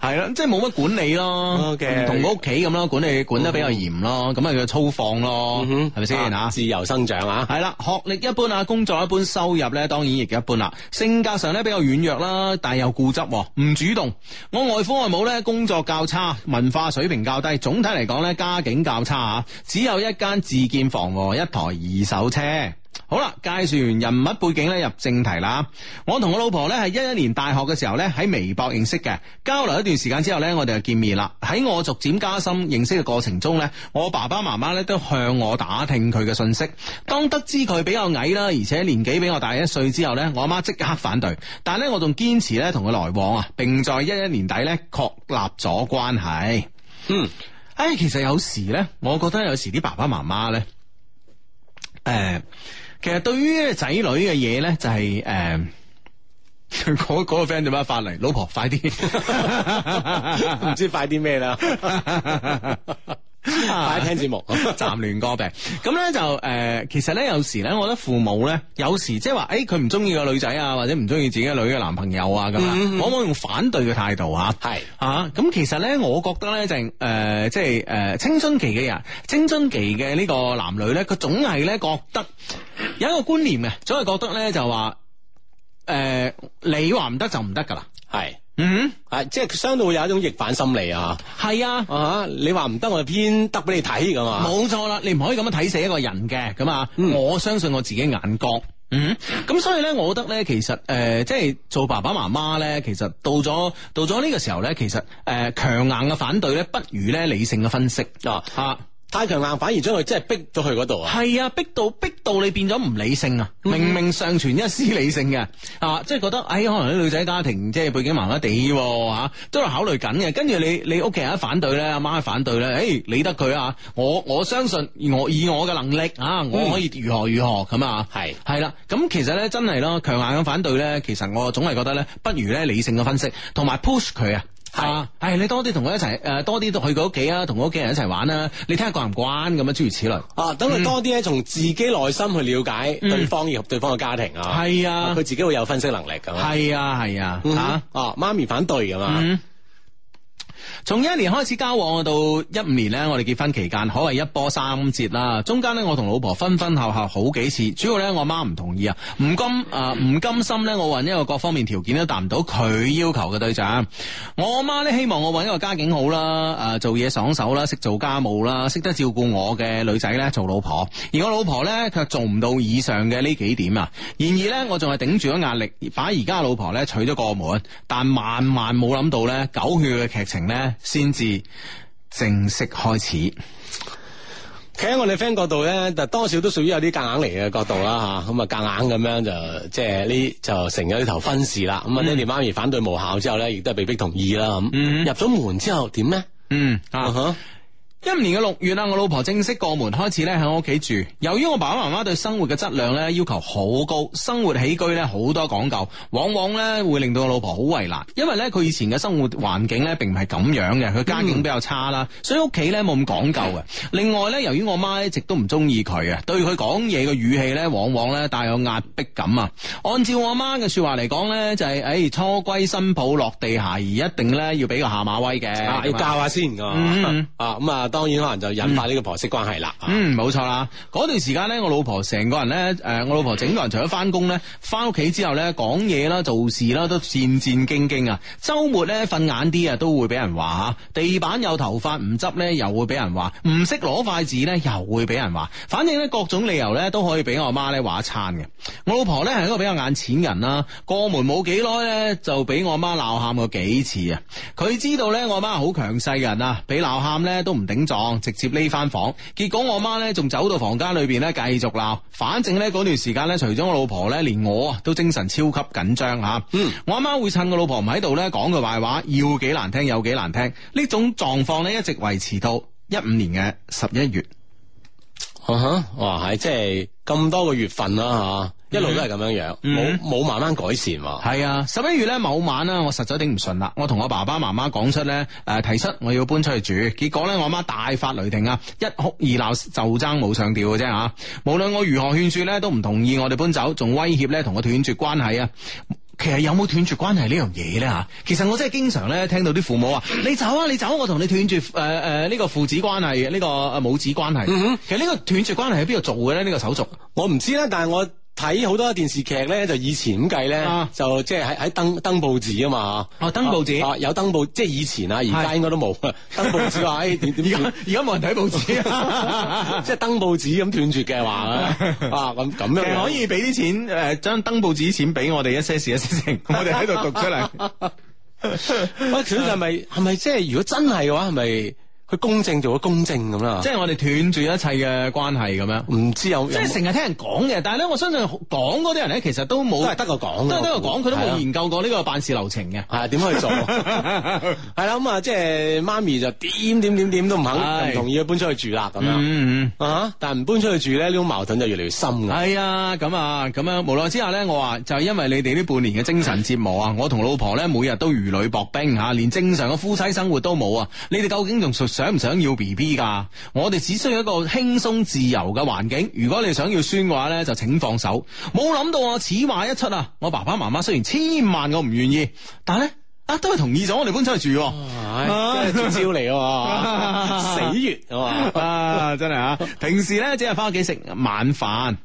A: 係 啦，即係冇乜管理咯，唔同屋企咁啦，管理管得比較嚴咯，咁啊、uh huh。粗放咯，係咪先啊？自由生長啊！係啦，學歷一般啊，工作一般，收入咧當然亦一般啦。性格上咧比較軟弱啦，但又固執，唔主動。我外父外母咧工作較差，文化水平較低，總體嚟講咧家境較差啊，只有一間自建房，一台二手車。好啦，介紹完人物背景咧，入正題啦。我同我老婆咧係一一年大學嘅時候咧喺微博認識嘅，交流一段時間之後咧，我哋就見面啦。喺我逐漸加深認識嘅過程中咧，我爸爸媽媽咧都向我打聽佢嘅信息。當得知佢比較矮啦，而且年紀比我大一歲之後咧，我媽即刻反對，但係咧我仲堅持咧同佢來往啊，並在一一年底咧確立咗關係。嗯，唉、哎，其實有時咧，我覺得有時啲爸爸媽媽咧，誒、呃。其實對於仔女嘅嘢咧，就係誒，嗰嗰個 friend 點解發嚟？老婆快啲，唔知快啲咩啦。大家 聽節目站亂歌病咁咧，就誒、呃，其實咧有時咧，我覺得父母咧有時即係話，誒佢唔中意個女仔啊，或者唔中意自己嘅女嘅男朋友啊，咁樣，嗯嗯嗯，往往用反對嘅態度啊。係吓咁，其實咧，我覺得咧就誒、是，即係誒，青春期嘅人，青春期嘅呢個男女咧，佢總係咧覺得有一個觀念啊，總係覺得咧就話、是，誒、呃、你話唔得就唔得噶啦。係，是嗯哼，係，即係相對會有一種逆反心理啊，係啊，吓你話唔得，我偏得俾你睇咁啊，冇錯啦，你唔可以咁樣睇死一個人嘅，咁啊，嗯、我相信我自己眼光，嗯，咁所以咧，我覺得咧，其實誒、呃，即係做爸爸媽媽咧，其實到咗到咗呢個時候咧，其實誒，強、呃、硬嘅反對咧，不如咧理性嘅分析啊。啊太強硬反而將佢真係逼到去嗰度啊！係啊，逼到逼到你變咗唔理性啊！嗯、明明尚存一絲理性嘅啊，即係覺得誒、哎，可能啲女仔家庭即係背景麻麻地吓，都係考慮緊嘅。跟住你你屋企人一反對咧，阿媽一反對咧，誒、哎，理得佢啊！我我相信我以我嘅能力啊，嗯、我可以如何如何咁啊！係係啦，咁是其實咧真係咯，強硬咁反對咧，其實我總係覺得咧，不如咧理性嘅分析同埋 push 佢啊！係啊，誒、啊，哎、你多啲同佢一齊誒、呃，多啲到去佢屋企啊，同佢屋企人一齊玩啊。你睇下慣唔慣咁樣，諸如此類。啊，等佢多啲咧，從自己內心去了解對方以及、嗯、對方嘅家庭啊。係啊，佢、啊、自己會有分析能力噶。係啊，係啊，吓、啊，哦、啊，媽咪反對噶嘛。嗯從一年開始交往到一五年呢，我哋結婚期間可謂一波三折啦。中間呢，我同老婆分分合合好幾次，主要呢，我媽唔同意啊，唔甘啊，唔、呃、唔甘心呢，我揾一個各方面條件都達唔到佢要求嘅對象。我媽呢，希望我揾一個家境好啦，誒，做嘢爽手啦，識做家務啦，識得照顧我嘅女仔呢做老婆。而我老婆呢，卻做唔到以上嘅呢幾點啊。然而呢，我仲係頂住咗壓力，把而家老婆呢娶咗過門。但萬萬冇諗到呢，狗血嘅劇情。咧先至正式開始，企喺我哋 friend 角度咧，就多少都屬於有啲夾硬嚟嘅角度啦吓，咁啊夾、嗯嗯、硬咁樣就即係呢就成咗呢頭婚事啦，咁啊爹哋媽咪反對無效之後咧，亦都係被迫同意啦，咁、嗯嗯、入咗門之後點咧？呢嗯，嗯啊。啊一年嘅六月啦，我老婆正式過門，開始咧喺我屋企住。由於我爸爸媽媽對生活嘅質量咧要求好高，生活起居咧好多講究，往往咧會令到我老婆好為難。因為咧佢以前嘅生活環境咧並唔係咁樣嘅，佢家境比較差啦，嗯、所以屋企咧冇咁講究嘅。是另外咧，由於我媽一直都唔中意佢啊，對佢講嘢嘅語氣咧，往往咧帶有壓迫感啊。按照我媽嘅說話嚟講咧，就係、是、哎初歸新抱落地鞋，而一定咧要俾個下馬威嘅，要教下先啊咁、嗯、啊！嗯當然可能就引發呢個婆媳關係啦、嗯。嗯，冇錯啦。嗰段時間呢，我老婆成個人呢，誒、呃，我老婆整個人除咗翻工呢，翻屋企之後呢，講嘢啦、做事啦，都戰戰兢兢啊。週末呢，瞓晏啲啊，都會俾人話嚇。地板有頭髮唔執呢，又會俾人話。唔識攞筷子呢，又會俾人話。反正呢，各種理由呢，都可以俾我媽呢話一餐嘅。我老婆呢，係一個比較眼淺人啦。過門冇幾耐呢，就俾我媽鬧喊過幾次啊。佢知道呢，我媽好強勢嘅人啊，俾鬧喊呢，都唔定。頂撞直接匿翻房。結果我媽呢，仲走到房間裏邊呢繼續鬧。反正呢，嗰段時間呢，除咗我老婆呢，連我都精神超級緊張吓。嗯，我阿媽會趁我老婆唔喺度呢，講佢壞話，要幾難聽有幾難聽。呢種狀況呢，一直維持到一五年嘅十一月。啊哈，哇，係即係咁多個月份啦吓。啊一路都係咁樣樣，冇冇、mm hmm. 慢慢改善喎。係啊，十一月咧，某晚啦，我實在頂唔順啦，我同我爸爸媽媽講出咧，誒提出我要搬出去住，結果咧我媽大發雷霆啊，一哭二鬧就爭冇上吊嘅啫吓。無論我如何勸說咧，都唔同意我哋搬走，仲威脅咧，同我斷絕關係啊。其實有冇斷絕關係呢樣嘢咧吓？其實我真係經常咧聽到啲父母啊，你走啊，你走，啊，我同你斷絕誒誒呢個父子關係，呢、呢個母子關係。Mm hmm. 其實呢個斷絕關係喺邊度做嘅咧？呢、呢個手續我唔知啦，但係我。睇好多電視劇咧，就以前咁計咧，就即係喺、喺登登報紙啊嘛。哦，啊，登報紙，啊。有登報，即係以前啊，而家應該都冇。登報紙、哎，、 話，點點而家冇人睇報紙啊，即係登報紙咁斷絕嘅話啊，咁咁樣。可以俾啲錢誒，將登報紙錢俾我哋一些事一些情，我哋喺度讀出嚟。喂， 啊，其實係咪係咪即係如果真係嘅話，係咪？佢公正做咗公正咁啦，即係我哋斷住一切嘅關係咁樣，唔知有即係成日聽人講嘅，但係咧我相信講嗰啲人咧，其實都冇都係得，都得個講，得個講，佢都冇研究過呢個辦事流程嘅，係點去做，係啦咁啊，即係媽咪就點點點點都唔肯的同意佢搬出去住啦咁樣，但係唔搬出去住咧，呢種矛盾就越嚟越深嘅。係啊，咁啊，咁啊，無奈之下咧，我話就係因為你哋呢半年嘅精神折磨啊，的我同老婆咧每日都如履薄冰吓，啊，連正常嘅夫妻生活都冇啊。你哋究竟仲熟？想唔想要 B B 噶？我哋只需要一個輕鬆自由嘅環境。如果你想要孫嘅話咧，就請放手。冇諗到啊，此話一出啊！我爸爸媽媽雖然千萬我唔願意，但係咧啊都係同意咗我哋搬出去住。唉、哎，今招招嚟啊， 死穴穴 啊嘛，真係啊！平時咧只係返屋企食晚飯。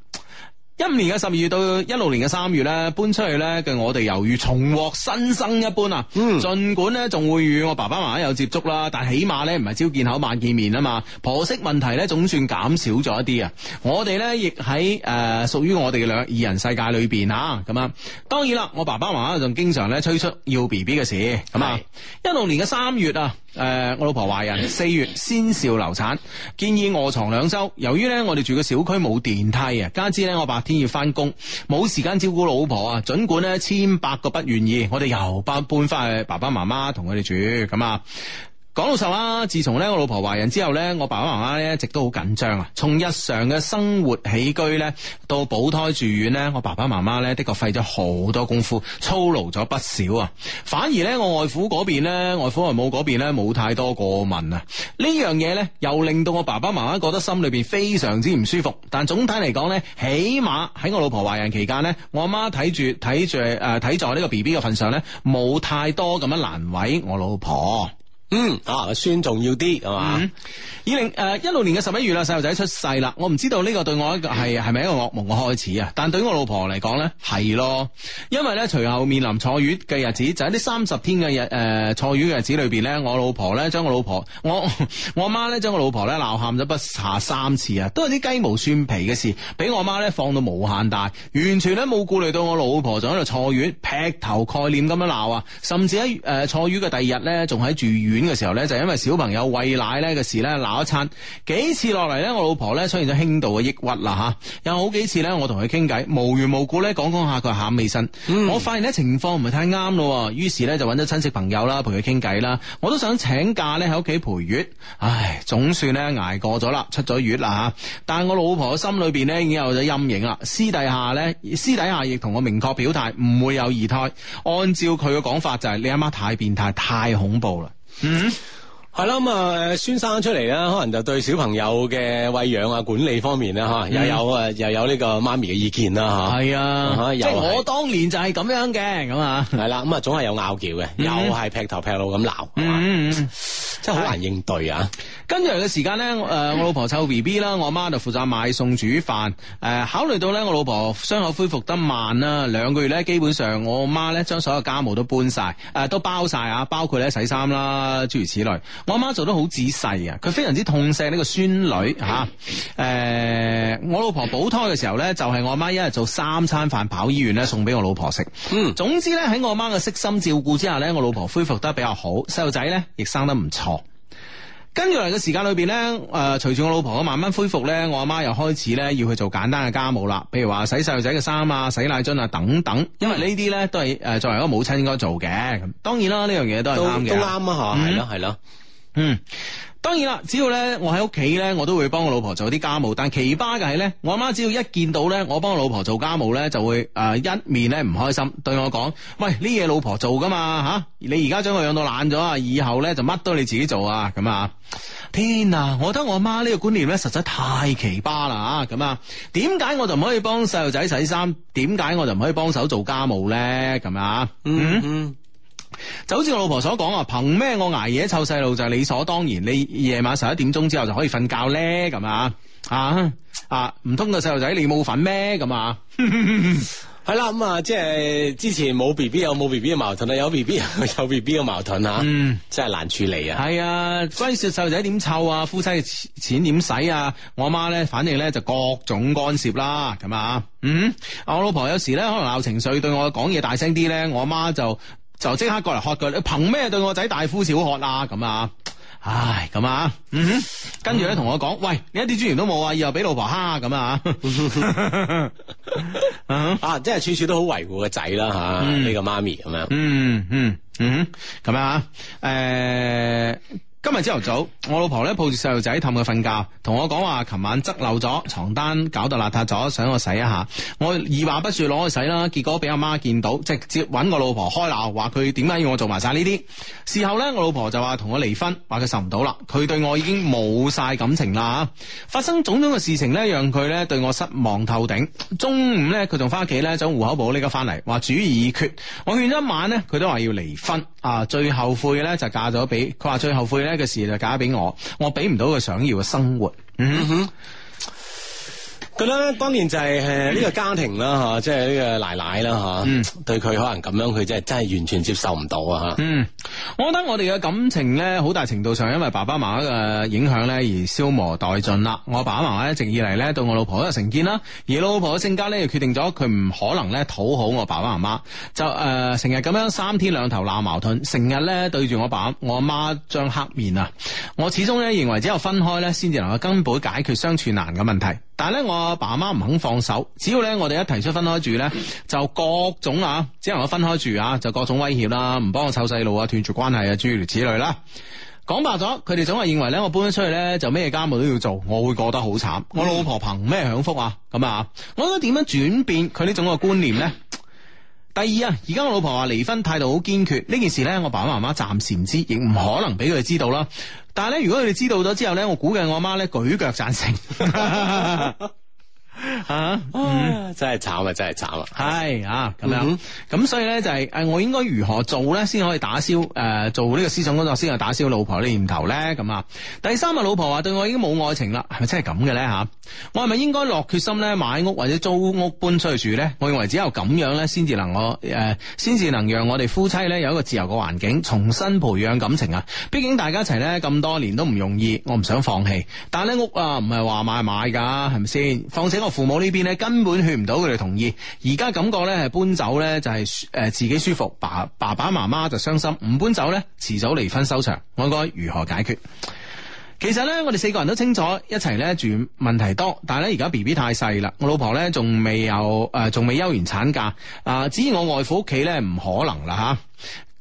A: 一五年嘅十二月到一六年嘅三月呢，搬出去呢，嘅我哋猶如重獲新生一般啊！嗯，盡管呢仲會與我爸爸媽媽有接觸啦，但起碼呢唔係朝見口晚見面啊嘛。婆媳問題呢，總算減少咗一啲啊！呃、我哋呢亦喺誒屬於我哋嘅兩二人世界裏邊吓咁啊！當然啦，我爸爸媽媽仲經常呢催促要 BB 嘅事咁啊！一六是年嘅三月啊！誒、呃，我老婆懷孕，四月先兆流產，建議卧床兩周。由於呢，我哋住嘅小區冇電梯啊，加之呢，我白天要翻工，冇時間照顧老婆啊，盡管呢千百個不願意，我哋又搬搬翻去爸爸媽媽同佢哋住，咁啊。講老實啦，自從咧我老婆懷孕之後咧，我爸爸媽媽咧一直都好緊張啊。從日常嘅生活起居咧，到保胎住院咧，我爸爸媽媽咧的確費咗好多功夫，操勞咗不少啊。反而咧我外父嗰邊咧，外父外母嗰邊咧冇太多過問啊。呢樣嘢咧又令到我爸爸媽媽覺得心裏邊非常之唔舒服。但總體嚟講咧，起碼喺我老婆懷孕期間咧，我阿媽睇住睇住誒睇在呢個 BB 嘅份上咧，冇太多咁樣難為我老婆。嗯，啊，酸重要啲係嘛？二零誒一六年嘅十一月啦，細路仔出世啦。我唔知道呢個對我係係咪一個噩夢嘅開始啊？但對於我老婆嚟講咧，係咯，因為咧隨後面臨坐月嘅日子，就喺呢三十天嘅日誒、呃、坐月嘅日子裏邊咧，我老婆咧將我老婆我我媽咧將我老婆咧鬧喊咗不下三次啊，都係啲雞毛蒜皮嘅事，俾我媽咧放到無限大，完全咧冇顧慮到我老婆仲喺度坐月，劈頭蓋臉咁樣鬧啊，甚至喺誒、呃、坐月嘅第二日咧仲喺住院。嘅時候咧，就是、因為小朋友餵奶咧嘅事咧鬧一餐幾次落嚟咧，我老婆咧出現咗輕度嘅抑鬱啦吓。有、啊、好幾次咧，我同佢傾偈，無緣無故咧講講下，佢喊起身。嗯、我發現呢情況唔係太啱咯，於是咧就揾咗親戚朋友啦陪佢傾偈啦。我都想請假咧喺屋企陪月，唉，總算咧捱過咗啦，出咗月啦吓、啊。但係我老婆心裏邊呢已經有咗陰影啦，私底下咧私底下亦同我明確表態唔會有二胎。按照佢嘅講法就係、是、你阿媽太變態太恐怖啦。Mm hmm. 嗯，係啦，咁啊，孫生出嚟啦，可能就對小朋友嘅喂養啊、管理方面咧，吓、mm hmm. 又有啊，又有呢個媽咪嘅意見啦，吓係、mm hmm. 啊，啊是即係我當年就係咁樣嘅，咁啊，係啦，咁啊，總係有拗撬嘅，mm hmm. 又係劈頭劈腦咁鬧。真係好難應對啊！跟住嚟嘅時間呢，誒、嗯呃，我老婆湊 B B 啦，我阿媽就負責買餸煮飯。誒、呃，考慮到呢，我老婆傷口恢復得慢啦，兩個月呢，基本上我阿媽呢將所有家務都搬晒，誒、呃，都包晒啊，包括咧洗衫啦，諸如此類。我阿媽做得好仔細啊，佢非常之痛錫呢個孫女吓。誒、啊呃，我老婆保胎嘅時候呢，就係、是、我阿媽一日做三餐飯跑醫院呢，送俾我老婆食。嗯，總之呢，喺我阿媽嘅悉心照顧之下呢，我老婆恢復得比較好，細路仔呢亦生得唔錯。跟住嚟嘅時間裏邊咧，誒、呃，隨住我老婆慢慢恢復咧，我阿媽又開始咧要去做簡單嘅家務啦，譬如話洗細路仔嘅衫啊、洗奶樽啊等等，因為呢啲咧都係誒作為一個母親應該做嘅。咁當然啦，呢樣嘢都係啱嘅。都啱啊，吓係咯係咯。嗯。當然啦，只要咧我喺屋企咧，我都會幫我老婆做啲家務。但奇葩嘅係咧，我阿媽只要一見到咧我幫我老婆做家務咧，就會誒、呃、一面咧唔開心，對我講：喂，呢嘢老婆做噶嘛吓？你而家將我養到懶咗啊？以後咧就乜都你自己做啊？咁啊？天啊！我覺得我阿媽呢個觀念咧實在太奇葩啦啊！咁啊？點解我就唔可以幫細路仔洗衫？點解我就唔可以幫手做家務咧？咁啊？嗯嗯、mm。Hmm. 一就好似我老婆所講啊，憑咩我挨夜湊細路就係理所當然？你夜晚十一點鐘之後就可以瞓覺咧，咁啊啊啊，唔通個細路仔你冇份咩？咁啊，係啦，咁啊，即係之前冇 B B 有冇 B B 嘅矛盾啊，有 B B 有 B B 嘅矛盾啊，嗯，真係難處理啊。係啊，所以說細路仔點湊啊，夫妻錢錢點使啊，我阿媽咧，反正咧就各種干涉啦，咁啊，嗯一，我老婆有時咧可能鬧情緒，對我講嘢大聲啲咧，我阿媽就。就即刻過嚟喝佢，你憑咩對我仔大呼小喝啊？咁啊，唉，咁啊，嗯哼，嗯，跟住咧同我講，喂，你一啲尊嚴都冇啊，又俾老婆蝦咁啊處處，啊，即係處處都好維護個仔啦吓，呢個媽咪咁樣，嗯嗯嗯，咁、嗯嗯、樣啊，誒、欸。今日朝頭早，我老婆咧抱住細路仔氹佢瞓覺，同我講話琴晚側漏咗床單，搞到邋遢咗，想我洗一下。我二話不說攞去洗啦，結果俾阿媽，媽見到，直接揾我老婆開鬧，話佢點解要我做埋晒呢啲。事後呢，我老婆就話同我離婚，話佢受唔到啦，佢對我已經冇晒感情啦。發生種種嘅事情呢，讓佢呢對我失望透頂。中午呢，佢仲翻屋企呢，將戶口簿拎咗翻嚟，話主意已決。我勸咗一晚呢，佢都話要離婚。啊，最後悔嘅咧就嫁咗俾佢話最後悔呢。呢個事就嫁俾我，我俾唔到佢想要嘅生活。嗯哼。覺得當然就係呢個家庭啦，吓、啊，即係呢個奶奶啦，吓、啊，嗯、對佢可能咁樣，佢真係真係完全接受唔到啊，嗯，我覺得我哋嘅感情呢，好大程度上因為爸爸媽媽嘅影響呢而消磨殆盡啦。我爸爸媽媽一直以嚟呢，對我老婆都有成見啦，而老婆嘅性格呢，又決定咗佢唔可能呢討好我爸爸媽媽，就誒成日咁樣三天兩頭鬧矛盾，成日呢對住我爸我阿媽張黑面啊。我始終呢，認為只有分開呢，先至能夠根本解決相處難嘅問題。但係咧，我阿爸阿媽唔肯放手，只要咧我哋一提出分開住咧，就各種啊，只係我分開住啊，就各種威脅啦，唔幫我湊細路啊，斷絕關係啊，諸如此類啦。講白咗，佢哋總係認為咧，我搬咗出去咧，就咩家務都要做，我會過得好慘，嗯、我老婆憑咩享福啊？咁啊，我應該點樣轉變佢呢種個觀念咧？第二啊，而家我老婆話離婚態度好堅決，呢件事咧我爸爸媽媽暫時唔知，亦唔可能俾佢哋知道啦。但係咧，如果佢哋知道咗之後咧，我估計我媽咧舉腳贊成。 啊！嗯、真係慘啊！真係慘啊！係啊，咁樣咁，所以呢，就係、是、誒，我應該如何做呢？先可以打消誒、呃、做呢個思想工作，先去打消老婆呢念頭呢？咁、嗯、啊，第三個，老婆話對我已經冇愛情啦，係咪真係咁嘅呢？吓、啊，我係咪應該落決心呢？買屋或者租屋搬出去住呢？我認為只有咁樣呢，先至能我誒，先、呃、至能讓我哋夫妻呢，有一個自由嘅環境，重新培養感情啊！畢竟大家一齊呢，咁多年都唔容易，我唔想放棄。但係呢屋啊，唔係話買買㗎，係咪先？況且。父母呢邊咧根本勸唔到佢哋同意，而家感覺咧係搬走咧就係誒自己舒服，爸爸爸媽媽就傷心。唔搬走咧遲早離婚收場，我應該如何解決？其實咧我哋四個人都清楚，一齊咧住問題多，但係咧而家 BB 太細啦，我老婆咧仲未有誒仲、呃、未休完產假啊、呃，至於我外父屋企咧唔可能啦吓。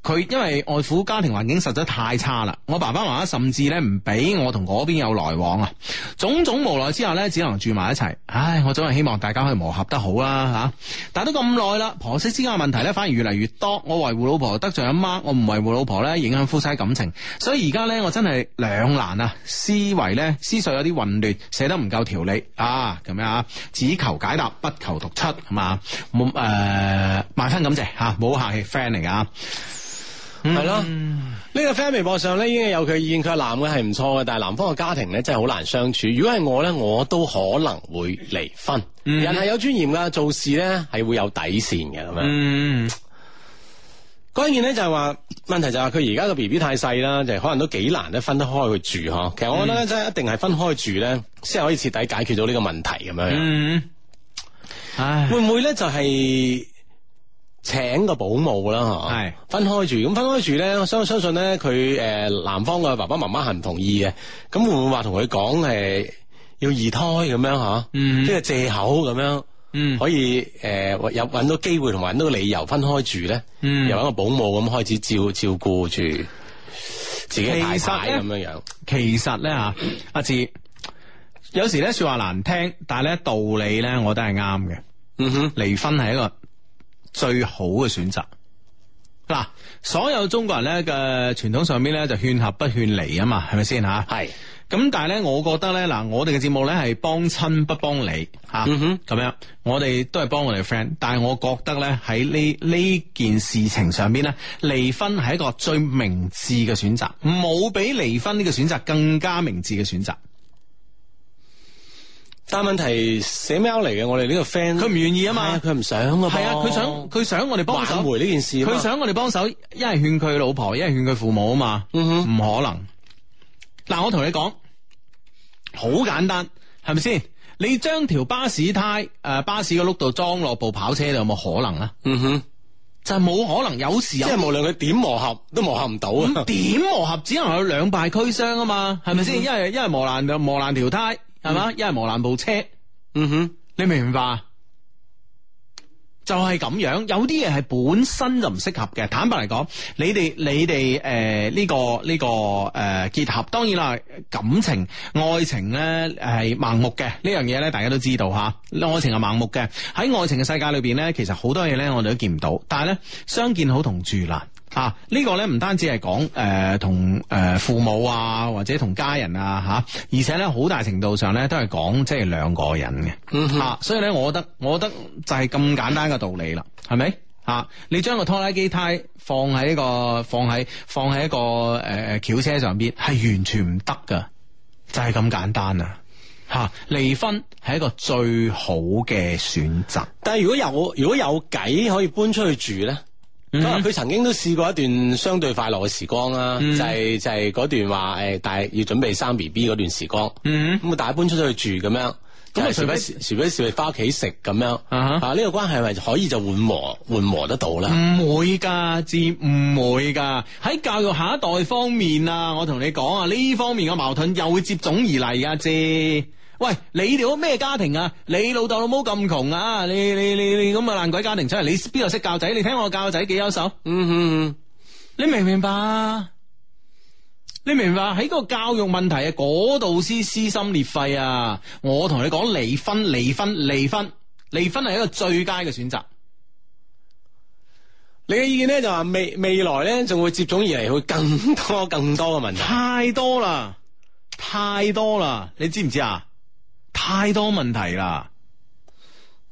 A: 佢因為外父家庭環境實在太差啦，我爸爸媽媽甚至咧唔俾我同嗰邊有來往啊！種種無奈之下咧，只能住埋一齊。唉，我總係希望大家可以磨合得好啦吓、啊。但係都咁耐啦，婆媳之間嘅問題咧反而越嚟越多。我維護老婆得罪阿媽，我唔維護老婆咧影響夫妻感情，所以而家咧我真係兩難維呢維呢維啊！思維咧思緒有啲混亂，寫得唔夠條理啊！咁樣啊，只求解答，不求讀出，係嘛？冇、嗯、誒，萬、呃、分感謝吓，唔、啊、好客氣，friend 嚟㗎。係咯，呢、mm hmm. 這個 friend 喺微博上咧已經有佢意見，佢係男嘅係唔錯嘅，但係男方嘅家庭咧真係好難相處。如果係我咧，我都可能會離婚。Mm hmm. 人係有尊嚴噶，做事咧係會有底線嘅咁樣。關鍵咧就係話，問題就係佢而家個 B B 太細啦，就可能都幾難咧分得分開去住嗬。其實我覺得真係一定係分開住咧，先可以徹底解決到呢個問題咁、mm hmm. 樣。Mm hmm. 唉會唔會咧就係、是？請個保姆啦，吓是，分開住。咁分開住咧，相相信咧，佢誒，男方嘅爸爸媽媽係唔同意嘅。咁會唔會話同佢講係要二胎咁樣吓？嗯、哼即係借口咁樣，嗯、可以誒，有、呃、搵到機會同埋搵到個理由分開住咧。嗯，由一個保姆咁開始照照顧住自己太太咁樣樣。其實咧吓，阿、啊、志，有時咧說話難聽，但係咧道理咧，我都係啱嘅。嗯哼，離婚係一個最好嘅選擇，嗱，所有中國人咧嘅傳統上邊咧就勸合不勸離啊嘛，係咪先吓？係是，咁但係咧，我覺得咧，嗱，我哋嘅節目咧係幫親不幫你吓，咁、嗯、哼樣，我哋都係幫我哋 friend，但係我覺得咧喺呢呢件事情上邊咧，離婚係一個最明智嘅選擇，冇比離婚呢個選擇更加明智嘅選擇。但問題寫 m 嚟嘅，我哋呢個 friend，佢唔願意啊嘛，佢唔、哎、想啊，係啊，佢想佢想我哋幫手回呢件事，佢想我哋幫手，一係勸佢老婆，一係勸佢父母啊嘛，唔、嗯、哼可能。嗱，我同你講，好簡單，係咪先？你將條巴士胎誒、呃，巴士個碌度裝落部跑車，你有冇可能啊？嗯哼，就冇可能。有時候即係無論佢點磨合都磨合唔到啊！點、嗯、磨合，只能係兩敗俱傷啊嘛，係咪先？因為因為磨爛磨爛條胎。係嘛？因為磨爛部車，嗯哼，你明唔明白？就係咁樣，有啲嘢係本身就唔適合嘅。坦白嚟講，你哋你哋誒呢個呢個誒結合，當然啦，感情愛情咧係盲目嘅。呢樣嘢咧，大家都知道吓、啊，愛情係盲目嘅。喺愛情嘅世界裏邊咧，其實好多嘢咧，我哋都見唔到。但係咧，相見好同住難。啊！呢、這個咧唔單止係講誒同誒、呃、父母啊或者同家人啊吓、啊，而且咧好大程度上咧都係講即係兩個人嘅吓、嗯哼啊，所以咧我覺得我覺得就係咁簡單嘅道理啦，係咪吓？你將個拖拉機胎放喺個放喺放喺一個誒誒轎車上邊係完全唔得噶，就係、是、咁簡單啦、啊、吓、啊！離婚係一個最好嘅選擇。但係如果有如果有計可以搬出去住咧？佢佢曾經都試過一段相對快樂嘅時光啦、嗯就是，就係就係嗰段話，誒、欸，但係要準備生 B B 嗰段時光，咁啊、嗯，大家搬出去住咁樣，咁啊，除非除非是咪返屋企食咁樣，啊，呢個關係係咪可以就緩和緩和得到咧？唔會噶，至唔會噶，喺教育下一代方面啊，我同你講啊，呢方面嘅矛盾又會接踵而嚟噶啫。喂，你哋屋咩家庭啊？你老豆老母咁窮啊？你你你你咁嘅爛鬼家庭出嚟，你邊度識教仔？你聽我教仔幾優秀？嗯哼，你明唔明白？你明唔明白喺個教育問題啊？嗰度先撕心裂肺啊！我同你講離婚，離婚，離婚，離婚係一個最佳嘅選擇。你嘅意見咧就話未未來咧仲會接踵而嚟，會更多更多嘅問題， 太多啦，太多啦，你知唔知啊？太多問題啦。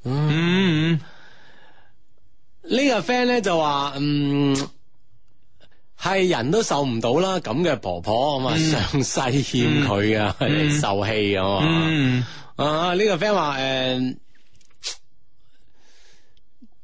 A: 嗯，呢個 friend 咧就話，嗯，係人都受唔到啦。咁嘅婆婆咁啊，上世欠佢啊，受氣啊啊，呢個 friend 話，誒，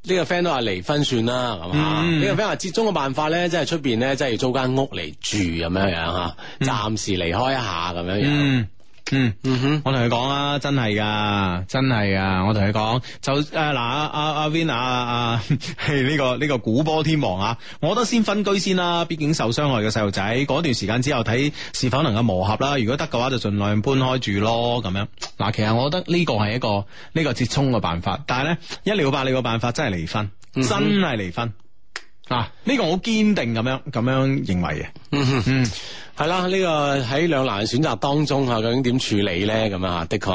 A: 呢個 friend 都話離婚算啦，係嘛？呢個 friend 話，折中嘅辦法咧，即係出邊咧，即係租間屋嚟住咁樣樣吓，暫時離開一下咁樣樣。嗯嗯哼，我同佢講啊，真係噶，真係噶，我同佢講就誒嗱阿阿阿 Vina 啊啊係呢、啊這個呢、這個古波天王啊，我覺得先分居先啦，畢竟受傷害嘅細路仔嗰段時間之後睇是否能夠磨合啦，如果得嘅話就盡量搬開住咯，咁樣嗱，其實我覺得呢個係一個呢、這個折衷嘅辦法，但係咧一了百了嘅辦法真係離婚，嗯、哼真係離婚。啊！呢個好堅定，咁樣咁樣認為嘅，嗯哼，嗯，係啦、嗯，呢個喺兩難嘅選擇當中吓，究竟點處理咧？咁樣吓，的確。